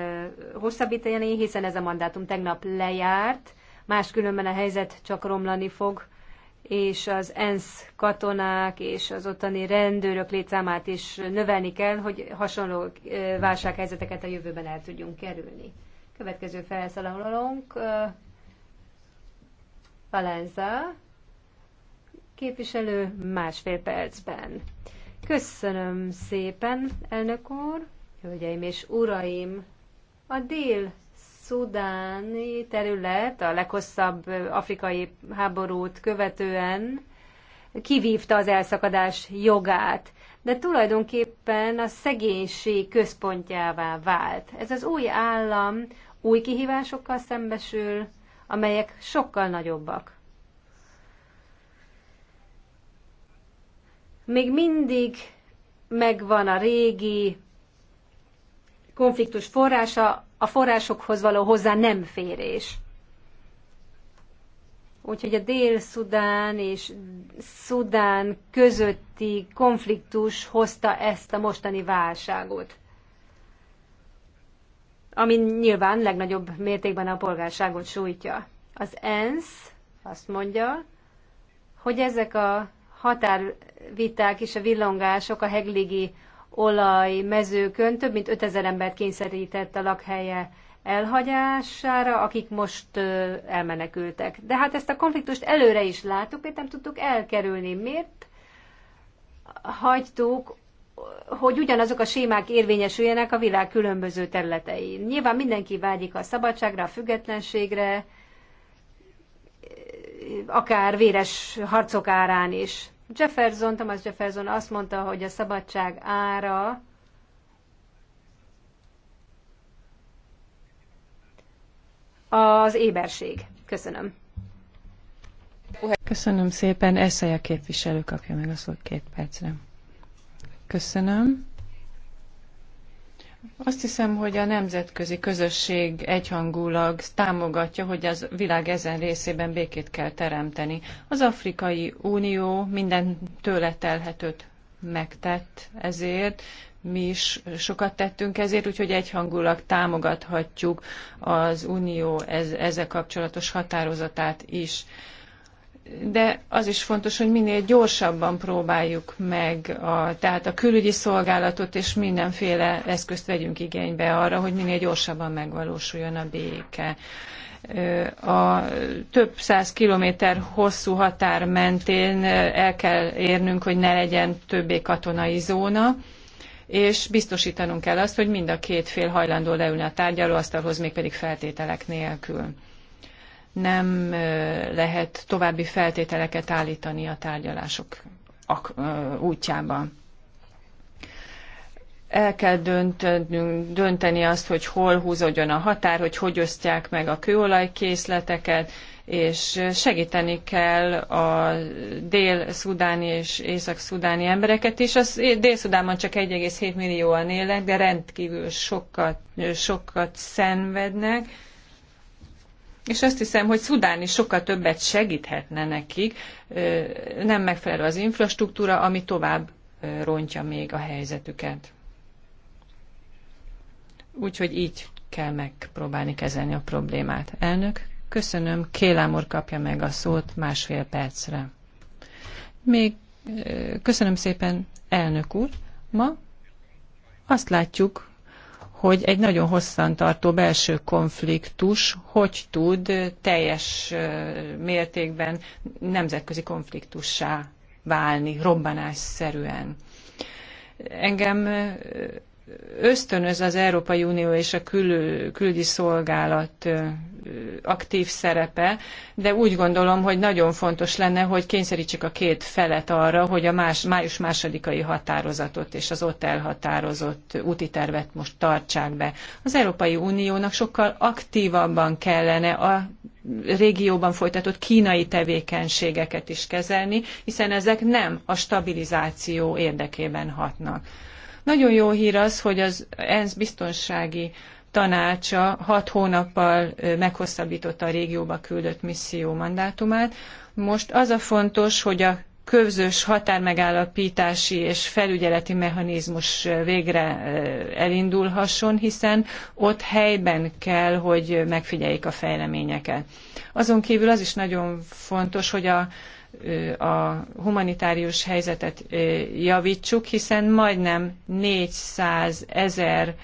hosszabbítani, hiszen ez a mandátum tegnap lejárt, máskülönben a helyzet csak romlani fog és az ENSZ katonák és az ottani rendőrök létszámát is növelni kell, hogy hasonló válsághelyzeteket a jövőben el tudjunk kerülni. Következő felszólalónk Valenza képviselő másfél percben. Köszönöm szépen, elnök úr, hölgyeim és uraim! A dél szudáni terület a leghosszabb afrikai háborút követően kivívta az elszakadás jogát, de tulajdonképpen a szegénység központjává vált. Ez az új állam új kihívásokkal szembesül, amelyek sokkal nagyobbak. Még mindig megvan a régi konfliktus forrása, a forrásokhoz való hozzá nem férés. Úgyhogy a Dél-Szudán és Szudán közötti konfliktus hozta ezt a mostani válságot, ami nyilván legnagyobb mértékben a polgárságot sújtja. Az ENSZ azt mondja, hogy ezek a határviták és a villongások a hegligi olaj mezőkön több mint 5000 embert kényszerített a lakhelye elhagyására, akik most elmenekültek. De hát ezt a konfliktust előre is láttuk, mert nem tudtuk elkerülni. Miért hagytuk, hogy ugyanazok a sémák érvényesüljenek a világ különböző területein? Nyilván mindenki vágyik a szabadságra, a függetlenségre, akár véres harcok árán is. Jefferson, Thomas Jefferson azt mondta, hogy a szabadság ára az éberség. Köszönöm. Köszönöm szépen. Eszeje képviselő kapja meg a szót két percre. Köszönöm. Azt hiszem, hogy a nemzetközi közösség egyhangulag támogatja, hogy az világ ezen részében békét kell teremteni. Az Afrikai Unió minden tőle telhetőt megtett ezért, mi is sokat tettünk ezért, úgyhogy egyhangulag támogathatjuk az Unió ez, ezzel kapcsolatos határozatát is de az is fontos, hogy minél gyorsabban próbáljuk meg, a, tehát a külügyi szolgálatot és mindenféle eszközt vegyünk igénybe arra, hogy minél gyorsabban megvalósuljon a béke. A több száz kilométer hosszú határ mentén el kell érnünk, hogy ne legyen többé katonai zóna, és biztosítanunk kell azt, hogy mind a két fél hajlandó leülni a tárgyalóasztalhoz, mégpedig feltételek nélkül nem lehet további feltételeket állítani a tárgyalások útjába. El kell döntenünk, dönteni azt, hogy hol húzódjon a határ, hogy hogy osztják meg a kőolajkészleteket, és segíteni kell a dél-szudáni és észak-szudáni embereket is. A dél-szudánban csak 1,7 millióan élnek, de rendkívül sokat, sokat szenvednek és azt hiszem, hogy Szudán is sokkal többet segíthetne nekik. Nem megfelelő az infrastruktúra, ami tovább rontja még a helyzetüket. Úgyhogy így kell megpróbálni kezelni a problémát. Elnök, köszönöm, Kélámor kapja meg a szót másfél percre. Még köszönöm szépen, elnök úr. Ma azt látjuk, hogy egy nagyon hosszan tartó belső konfliktus hogy tud teljes mértékben nemzetközi konfliktussá válni, robbanásszerűen. Engem ösztönöz az Európai Unió és a kül, külügyi szolgálat aktív szerepe, de úgy gondolom, hogy nagyon fontos lenne, hogy kényszerítsük a két felet arra, hogy a más, május másodikai határozatot és az ott elhatározott úti tervet most tartsák be. Az Európai Uniónak sokkal aktívabban kellene a régióban folytatott kínai tevékenységeket is kezelni, hiszen ezek nem a stabilizáció érdekében hatnak nagyon jó hír az, hogy az ENSZ biztonsági tanácsa hat hónappal meghosszabbította a régióba küldött misszió mandátumát. Most az a fontos, hogy a közös határmegállapítási és felügyeleti mechanizmus végre elindulhasson, hiszen ott helyben kell, hogy megfigyeljék a fejleményeket. Azon kívül az is nagyon fontos, hogy a a humanitárius helyzetet javítsuk, hiszen majdnem 400 ezer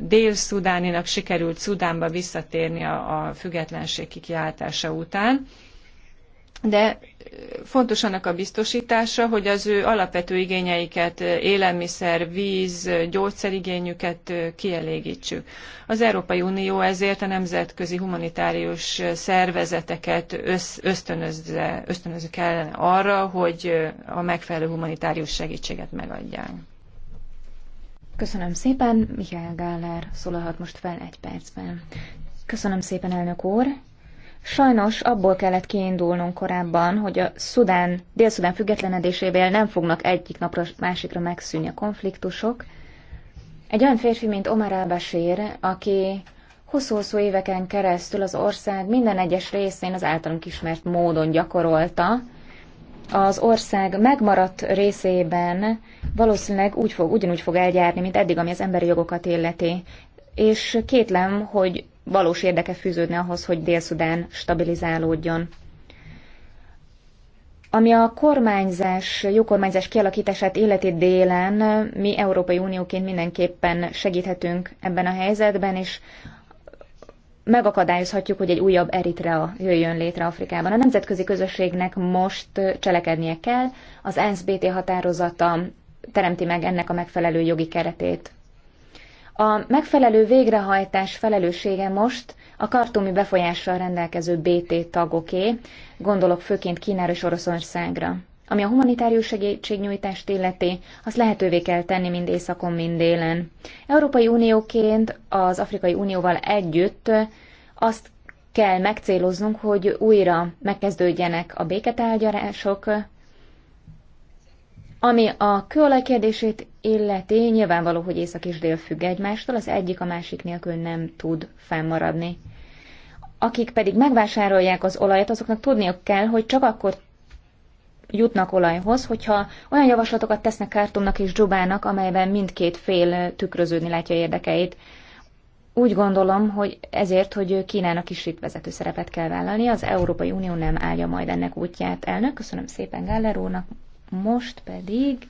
dél-szudáninak sikerült Szudánba visszatérni a, függetlenségi kiáltása után, de fontos annak a biztosítása, hogy az ő alapvető igényeiket, élelmiszer, víz, gyógyszerigényüket kielégítsük. Az Európai Unió ezért a nemzetközi humanitárius szervezeteket ösztönözze, ösztönözze kellene arra, hogy a megfelelő humanitárius segítséget megadják. Köszönöm szépen, Mihály Gállár szólalhat most fel egy percben. Köszönöm szépen, elnök úr! Sajnos abból kellett kiindulnunk korábban, hogy a Szudán, Dél-Szudán függetlenedésével nem fognak egyik napra másikra megszűnni a konfliktusok. Egy olyan férfi, mint Omar al-Bashir, aki hosszú-hosszú éveken keresztül az ország minden egyes részén az általunk ismert módon gyakorolta, az ország megmaradt részében valószínűleg úgy fog, ugyanúgy fog eljárni, mint eddig, ami az emberi jogokat illeti. És kétlem, hogy valós érdeke fűződne ahhoz, hogy Dél-Szudán stabilizálódjon. Ami a kormányzás, jó kormányzás kialakítását életi délen, mi Európai Unióként mindenképpen segíthetünk ebben a helyzetben, és megakadályozhatjuk, hogy egy újabb Eritrea jöjjön létre Afrikában. A nemzetközi közösségnek most cselekednie kell, az NSBT határozata teremti meg ennek a megfelelő jogi keretét. A megfelelő végrehajtás felelőssége most a kartumi befolyással rendelkező BT tagoké, gondolok főként Kínára és Oroszországra. Ami a humanitárius segítségnyújtást illeti, azt lehetővé kell tenni mind északon, mind délen. Európai Unióként az Afrikai Unióval együtt azt kell megcéloznunk, hogy újra megkezdődjenek a béketárgyalások, ami a kőolaj illeti, nyilvánvaló, hogy észak és dél függ egymástól, az egyik a másik nélkül nem tud fennmaradni. Akik pedig megvásárolják az olajat, azoknak tudniuk kell, hogy csak akkor jutnak olajhoz, hogyha olyan javaslatokat tesznek Kártumnak és Dzsubának, amelyben mindkét fél tükröződni látja érdekeit. Úgy gondolom, hogy ezért, hogy Kínának is itt vezető szerepet kell vállalni, az Európai Unió nem állja majd ennek útját. Elnök, köszönöm szépen Gáller úrnak, most pedig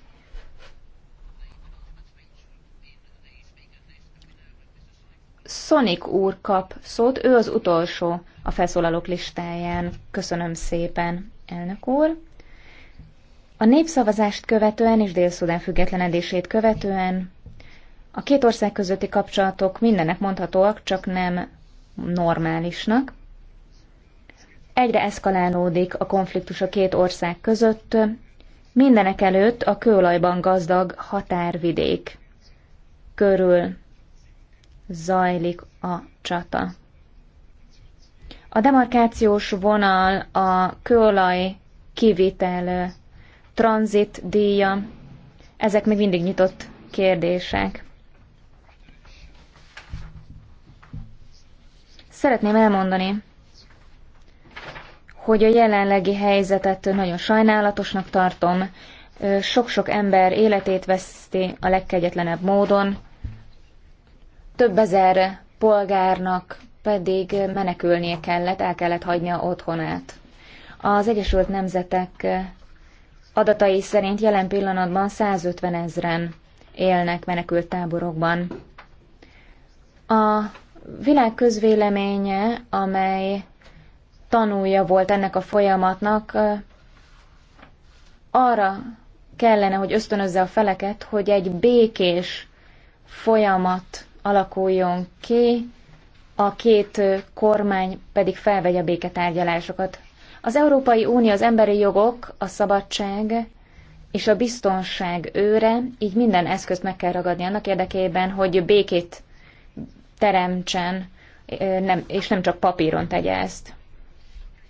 Sonic úr kap szót, ő az utolsó a felszólalók listáján. Köszönöm szépen, elnök úr. A népszavazást követően és Dél-Szudán függetlenedését követően a két ország közötti kapcsolatok mindennek mondhatóak, csak nem normálisnak. Egyre eszkalálódik a konfliktus a két ország között, Mindenek előtt a kőolajban gazdag határvidék körül zajlik a csata. A demarkációs vonal a kőolaj kivitel tranzit díja, ezek még mindig nyitott kérdések. Szeretném elmondani, hogy a jelenlegi helyzetet nagyon sajnálatosnak tartom. Sok-sok ember életét veszti a legkegyetlenebb módon, több ezer polgárnak pedig menekülnie kellett, el kellett hagynia otthonát. Az Egyesült Nemzetek adatai szerint jelen pillanatban 150 ezren élnek menekült táborokban. A világ közvéleménye, amely tanulja volt ennek a folyamatnak, arra kellene, hogy ösztönözze a feleket, hogy egy békés folyamat alakuljon ki, a két kormány pedig felvegye a béketárgyalásokat. Az Európai Unió az emberi jogok, a szabadság és a biztonság őre, így minden eszközt meg kell ragadni annak érdekében, hogy békét teremtsen, nem, és nem csak papíron tegye ezt.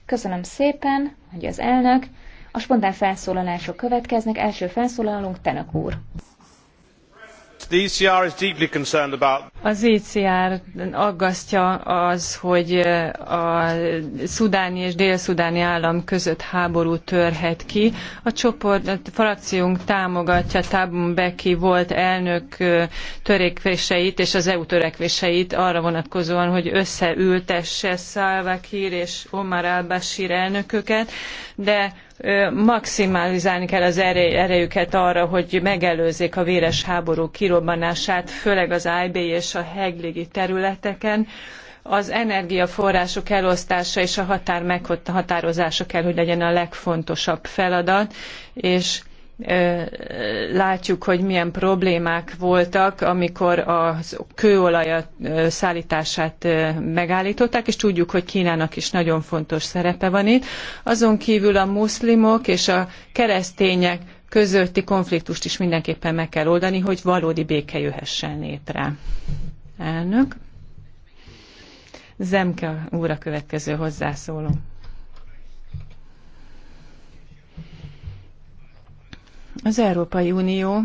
Köszönöm szépen, hogy az elnök. A spontán felszólalások következnek. Első felszólalunk Tenek úr. E az ECR aggasztja az, hogy eh, a szudáni és dél-szudáni állam között háború törhet ki. A csoport, a frakciónk támogatja Tabun Beki volt elnök eh, törekvéseit és az EU törekvéseit arra vonatkozóan, hogy összeültesse Salva Kiir és Omar al-Bashir elnököket, de eh, maximalizálni kell az erejüket arra, hogy megelőzzék a véres háború kirobbanását felrobbanását, főleg az IB és a heglégi területeken, az energiaforrások elosztása és a határ meghatározása kell, hogy legyen a legfontosabb feladat, és látjuk, hogy milyen problémák voltak, amikor a kőolaj szállítását megállították, és tudjuk, hogy Kínának is nagyon fontos szerepe van itt. Azon kívül a muszlimok és a keresztények közötti konfliktust is mindenképpen meg kell oldani, hogy valódi béke jöhessen létre. Elnök. Zemke úr a következő hozzászóló. Az Európai Unió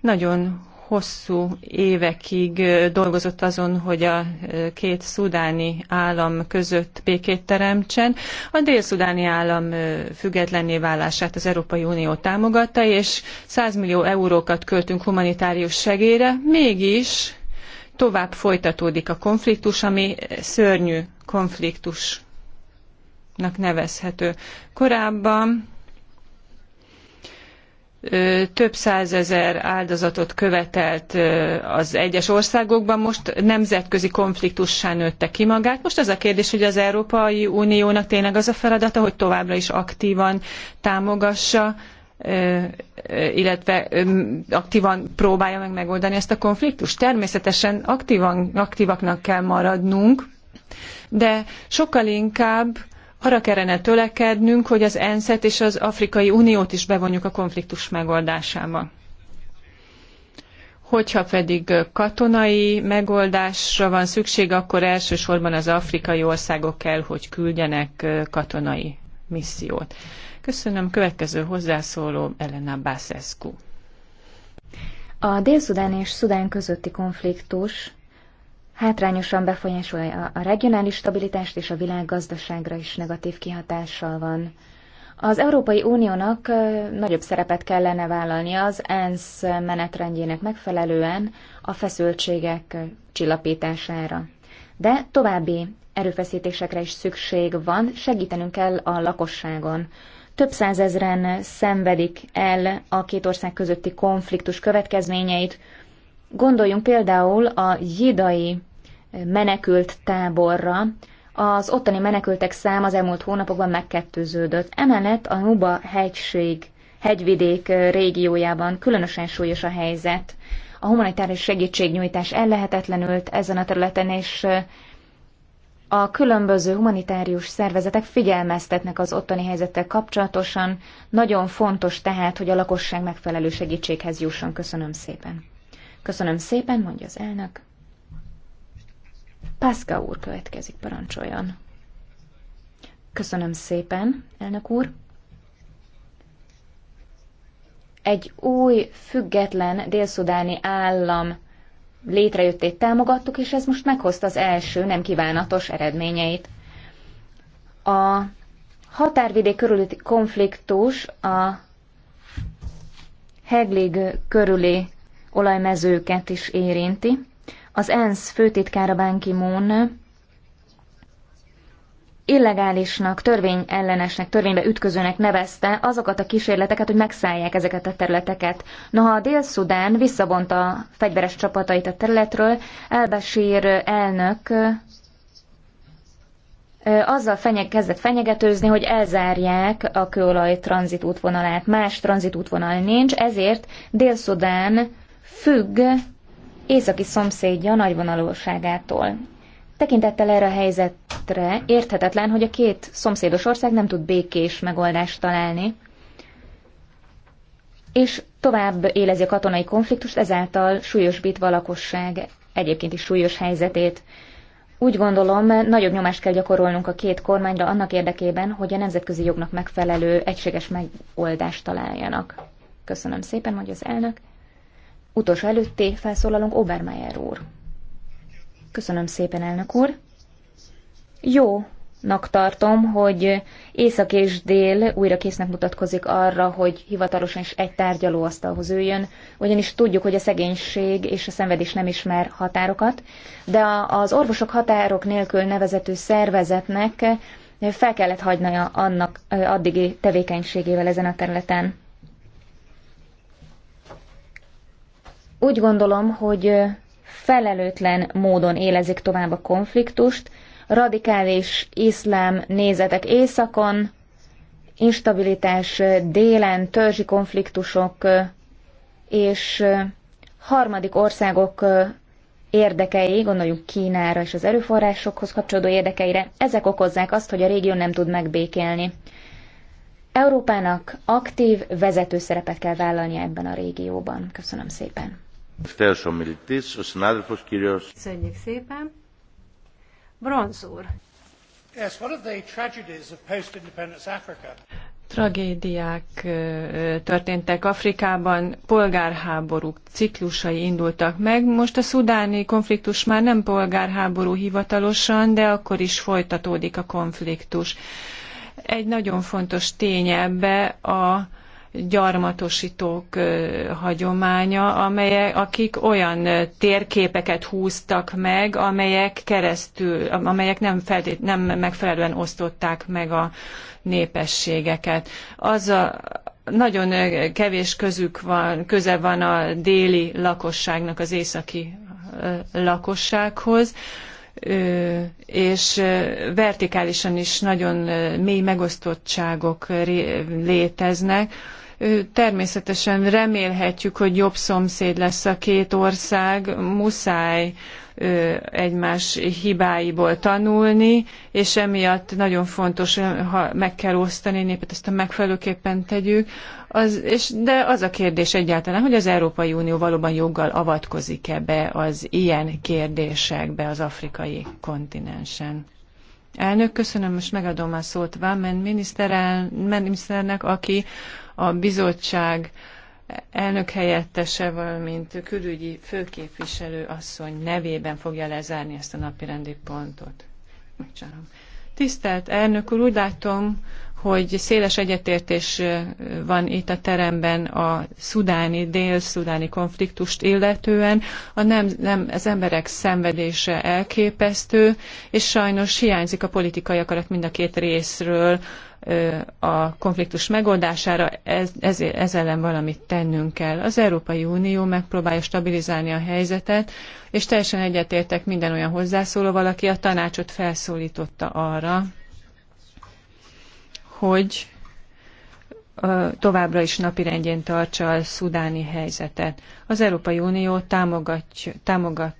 nagyon hosszú évekig dolgozott azon, hogy a két szudáni állam között békét teremtsen. A dél-szudáni állam függetlenné válását az Európai Unió támogatta, és 100 millió eurókat költünk humanitárius segélyre, mégis tovább folytatódik a konfliktus, ami szörnyű konfliktusnak nevezhető. Korábban több százezer áldozatot követelt az egyes országokban, most nemzetközi konfliktussá nőtte ki magát. Most az a kérdés, hogy az Európai Uniónak tényleg az a feladata, hogy továbbra is aktívan támogassa illetve aktívan próbálja meg megoldani ezt a konfliktust. Természetesen aktívan, aktívaknak kell maradnunk, de sokkal inkább arra kellene tölekednünk, hogy az ENSZ-et és az Afrikai Uniót is bevonjuk a konfliktus megoldásába. Hogyha pedig katonai megoldásra van szükség, akkor elsősorban az afrikai országok kell, hogy küldjenek katonai missziót. Köszönöm. Következő hozzászóló Elena Baszescu. A Dél-Szudán és Szudán közötti konfliktus hátrányosan befolyásolja a regionális stabilitást és a világgazdaságra is negatív kihatással van. Az Európai Uniónak nagyobb szerepet kellene vállalnia az ENSZ menetrendjének megfelelően a feszültségek csillapítására. De további erőfeszítésekre is szükség van, segítenünk kell a lakosságon. Több százezren szenvedik el a két ország közötti konfliktus következményeit. Gondoljunk például a jidai menekült táborra. Az ottani menekültek szám az elmúlt hónapokban megkettőződött. Emellett a Nuba hegység, hegyvidék régiójában különösen súlyos a helyzet. A humanitárius segítségnyújtás ellehetetlenült ezen a területen, és a különböző humanitárius szervezetek figyelmeztetnek az ottani helyzettel kapcsolatosan. Nagyon fontos tehát, hogy a lakosság megfelelő segítséghez jusson. Köszönöm szépen. Köszönöm szépen, mondja az elnök. Pászka úr következik, parancsoljon. Köszönöm szépen, elnök úr. Egy új, független délszudáni állam létrejöttét támogattuk, és ez most meghozta az első nem kívánatos eredményeit. A határvidék körüli konfliktus a Heglig körüli olajmezőket is érinti. Az ENSZ főtitkára Ban ki illegálisnak, törvényellenesnek, törvénybe ütközőnek nevezte azokat a kísérleteket, hogy megszállják ezeket a területeket. Noha a Dél-Szudán visszavonta fegyveres csapatait a területről, Elbesír elnök azzal fenyeg, kezdett fenyegetőzni, hogy elzárják a kőolaj tranzitútvonalát. Más tranzitútvonal nincs, ezért Dél-Szudán függ északi szomszédja nagyvonalúságától. Tekintettel erre a helyzetre érthetetlen, hogy a két szomszédos ország nem tud békés megoldást találni, és tovább élezi a katonai konfliktust, ezáltal súlyosbítva a lakosság egyébként is súlyos helyzetét. Úgy gondolom, nagyobb nyomást kell gyakorolnunk a két kormányra annak érdekében, hogy a nemzetközi jognak megfelelő egységes megoldást találjanak. Köszönöm szépen, mondja az elnök. Utolsó előtti felszólalunk Obermeyer úr. Köszönöm szépen, elnök úr. Nak tartom, hogy észak és dél újra késznek mutatkozik arra, hogy hivatalosan is egy tárgyalóasztalhoz üljön, ugyanis tudjuk, hogy a szegénység és a szenvedés nem ismer határokat, de az orvosok határok nélkül nevezető szervezetnek fel kellett hagynia annak addigi tevékenységével ezen a területen. Úgy gondolom, hogy felelőtlen módon élezik tovább a konfliktust, radikális iszlám nézetek északon, instabilitás délen, törzsi konfliktusok és harmadik országok érdekei, gondoljuk Kínára és az erőforrásokhoz kapcsolódó érdekeire, ezek okozzák azt, hogy a régió nem tud megbékélni. Európának aktív vezető szerepet kell vállalnia ebben a régióban. Köszönöm szépen. Köszönjük szépen. Bronz úr. Yes, what are the tragedies of post-independence Africa? tragédiák történtek Afrikában, polgárháborúk ciklusai indultak meg. Most a szudáni konfliktus már nem polgárháború hivatalosan, de akkor is folytatódik a konfliktus. Egy nagyon fontos tény ebbe a gyarmatosítók hagyománya, amelyek, akik olyan térképeket húztak meg, amelyek keresztül, amelyek nem, feltét, nem megfelelően osztották meg a népességeket. Az a, nagyon kevés közük van, köze van a déli lakosságnak az északi lakossághoz és vertikálisan is nagyon mély megosztottságok léteznek. Természetesen remélhetjük, hogy jobb szomszéd lesz a két ország, muszáj egymás hibáiból tanulni, és emiatt nagyon fontos, ha meg kell osztani népet, ezt a megfelelőképpen tegyük. Az, és, de az a kérdés egyáltalán, hogy az Európai Unió valóban joggal avatkozik-e be az ilyen kérdésekbe az afrikai kontinensen. Elnök, köszönöm, most megadom a szót Vámen miniszterelnek, aki a bizottság elnök helyettese, valamint külügyi főképviselő asszony nevében fogja lezárni ezt a napirendi pontot. Megcsinálom. Tisztelt elnök úr, úgy látom, hogy széles egyetértés van itt a teremben a szudáni, dél-szudáni konfliktust illetően. A nem, nem, az emberek szenvedése elképesztő, és sajnos hiányzik a politikai akarat mind a két részről a konfliktus megoldására, ez, ez, ez ellen valamit tennünk kell. Az Európai Unió megpróbálja stabilizálni a helyzetet, és teljesen egyetértek minden olyan hozzászólóval, aki a tanácsot felszólította arra, hogy továbbra is napirendjén tartsa a szudáni helyzetet. Az Európai Unió támogatja, támogat,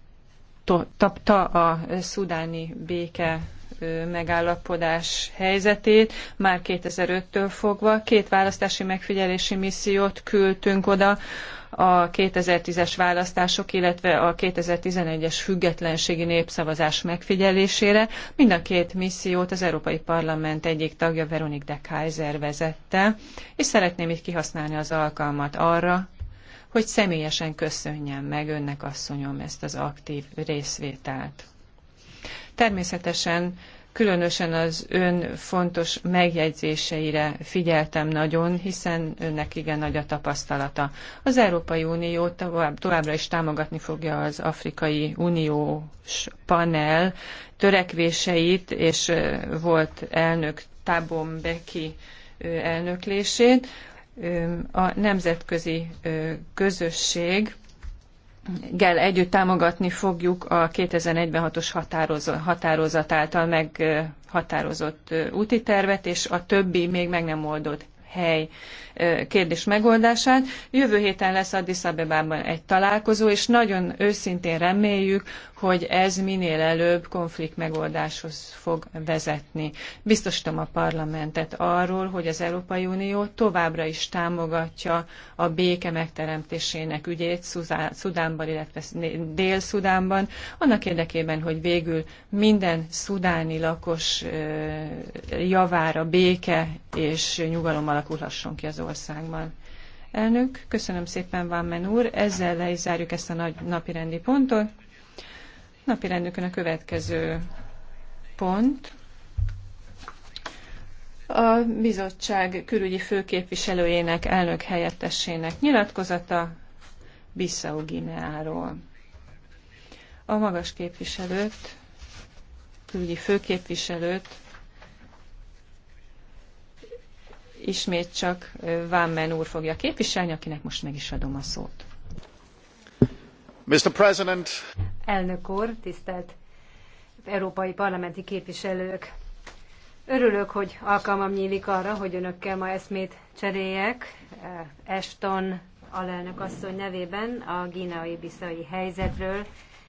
támogat ta, ta a szudáni béke megállapodás helyzetét már 2005-től fogva. Két választási megfigyelési missziót küldtünk oda, a 2010-es választások, illetve a 2011-es függetlenségi népszavazás megfigyelésére. Mind a két missziót az Európai Parlament egyik tagja Veronik de Kaiser vezette, és szeretném itt kihasználni az alkalmat arra, hogy személyesen köszönjem meg önnek asszonyom ezt az aktív részvételt. Természetesen különösen az ön fontos megjegyzéseire figyeltem nagyon, hiszen önnek igen nagy a tapasztalata. Az Európai Unió tovább, továbbra is támogatni fogja az Afrikai Uniós panel törekvéseit, és volt elnök Tabom Beki elnöklését. A nemzetközi közösség gel együtt támogatni fogjuk a 2046-os határozat által meghatározott úti tervet, és a többi még meg nem oldott hely kérdés megoldását. Jövő héten lesz Addis Abebában egy találkozó, és nagyon őszintén reméljük, hogy ez minél előbb konflikt megoldáshoz fog vezetni. Biztosítom a parlamentet arról, hogy az Európai Unió továbbra is támogatja a béke megteremtésének ügyét Szudánban, illetve Dél-Szudánban, annak érdekében, hogy végül minden szudáni lakos javára béke és nyugalom alakulhasson ki az országban. Elnök, köszönöm szépen, Vámen úr. Ezzel le is zárjuk ezt a nagy napirendi pontot. Napirendünkön a következő pont. A bizottság külügyi főképviselőjének elnök helyettesének nyilatkozata Bissau Gineáról. A magas képviselőt, külügyi főképviselőt ismét csak Vámmen úr fogja képviselni, akinek most meg is adom a szót. Mr. President. Elnök úr, tisztelt európai parlamenti képviselők! Örülök, hogy alkalmam nyílik arra, hogy önökkel ma eszmét cseréljek. Eston alelnök asszony nevében a gínai biszai helyzetről,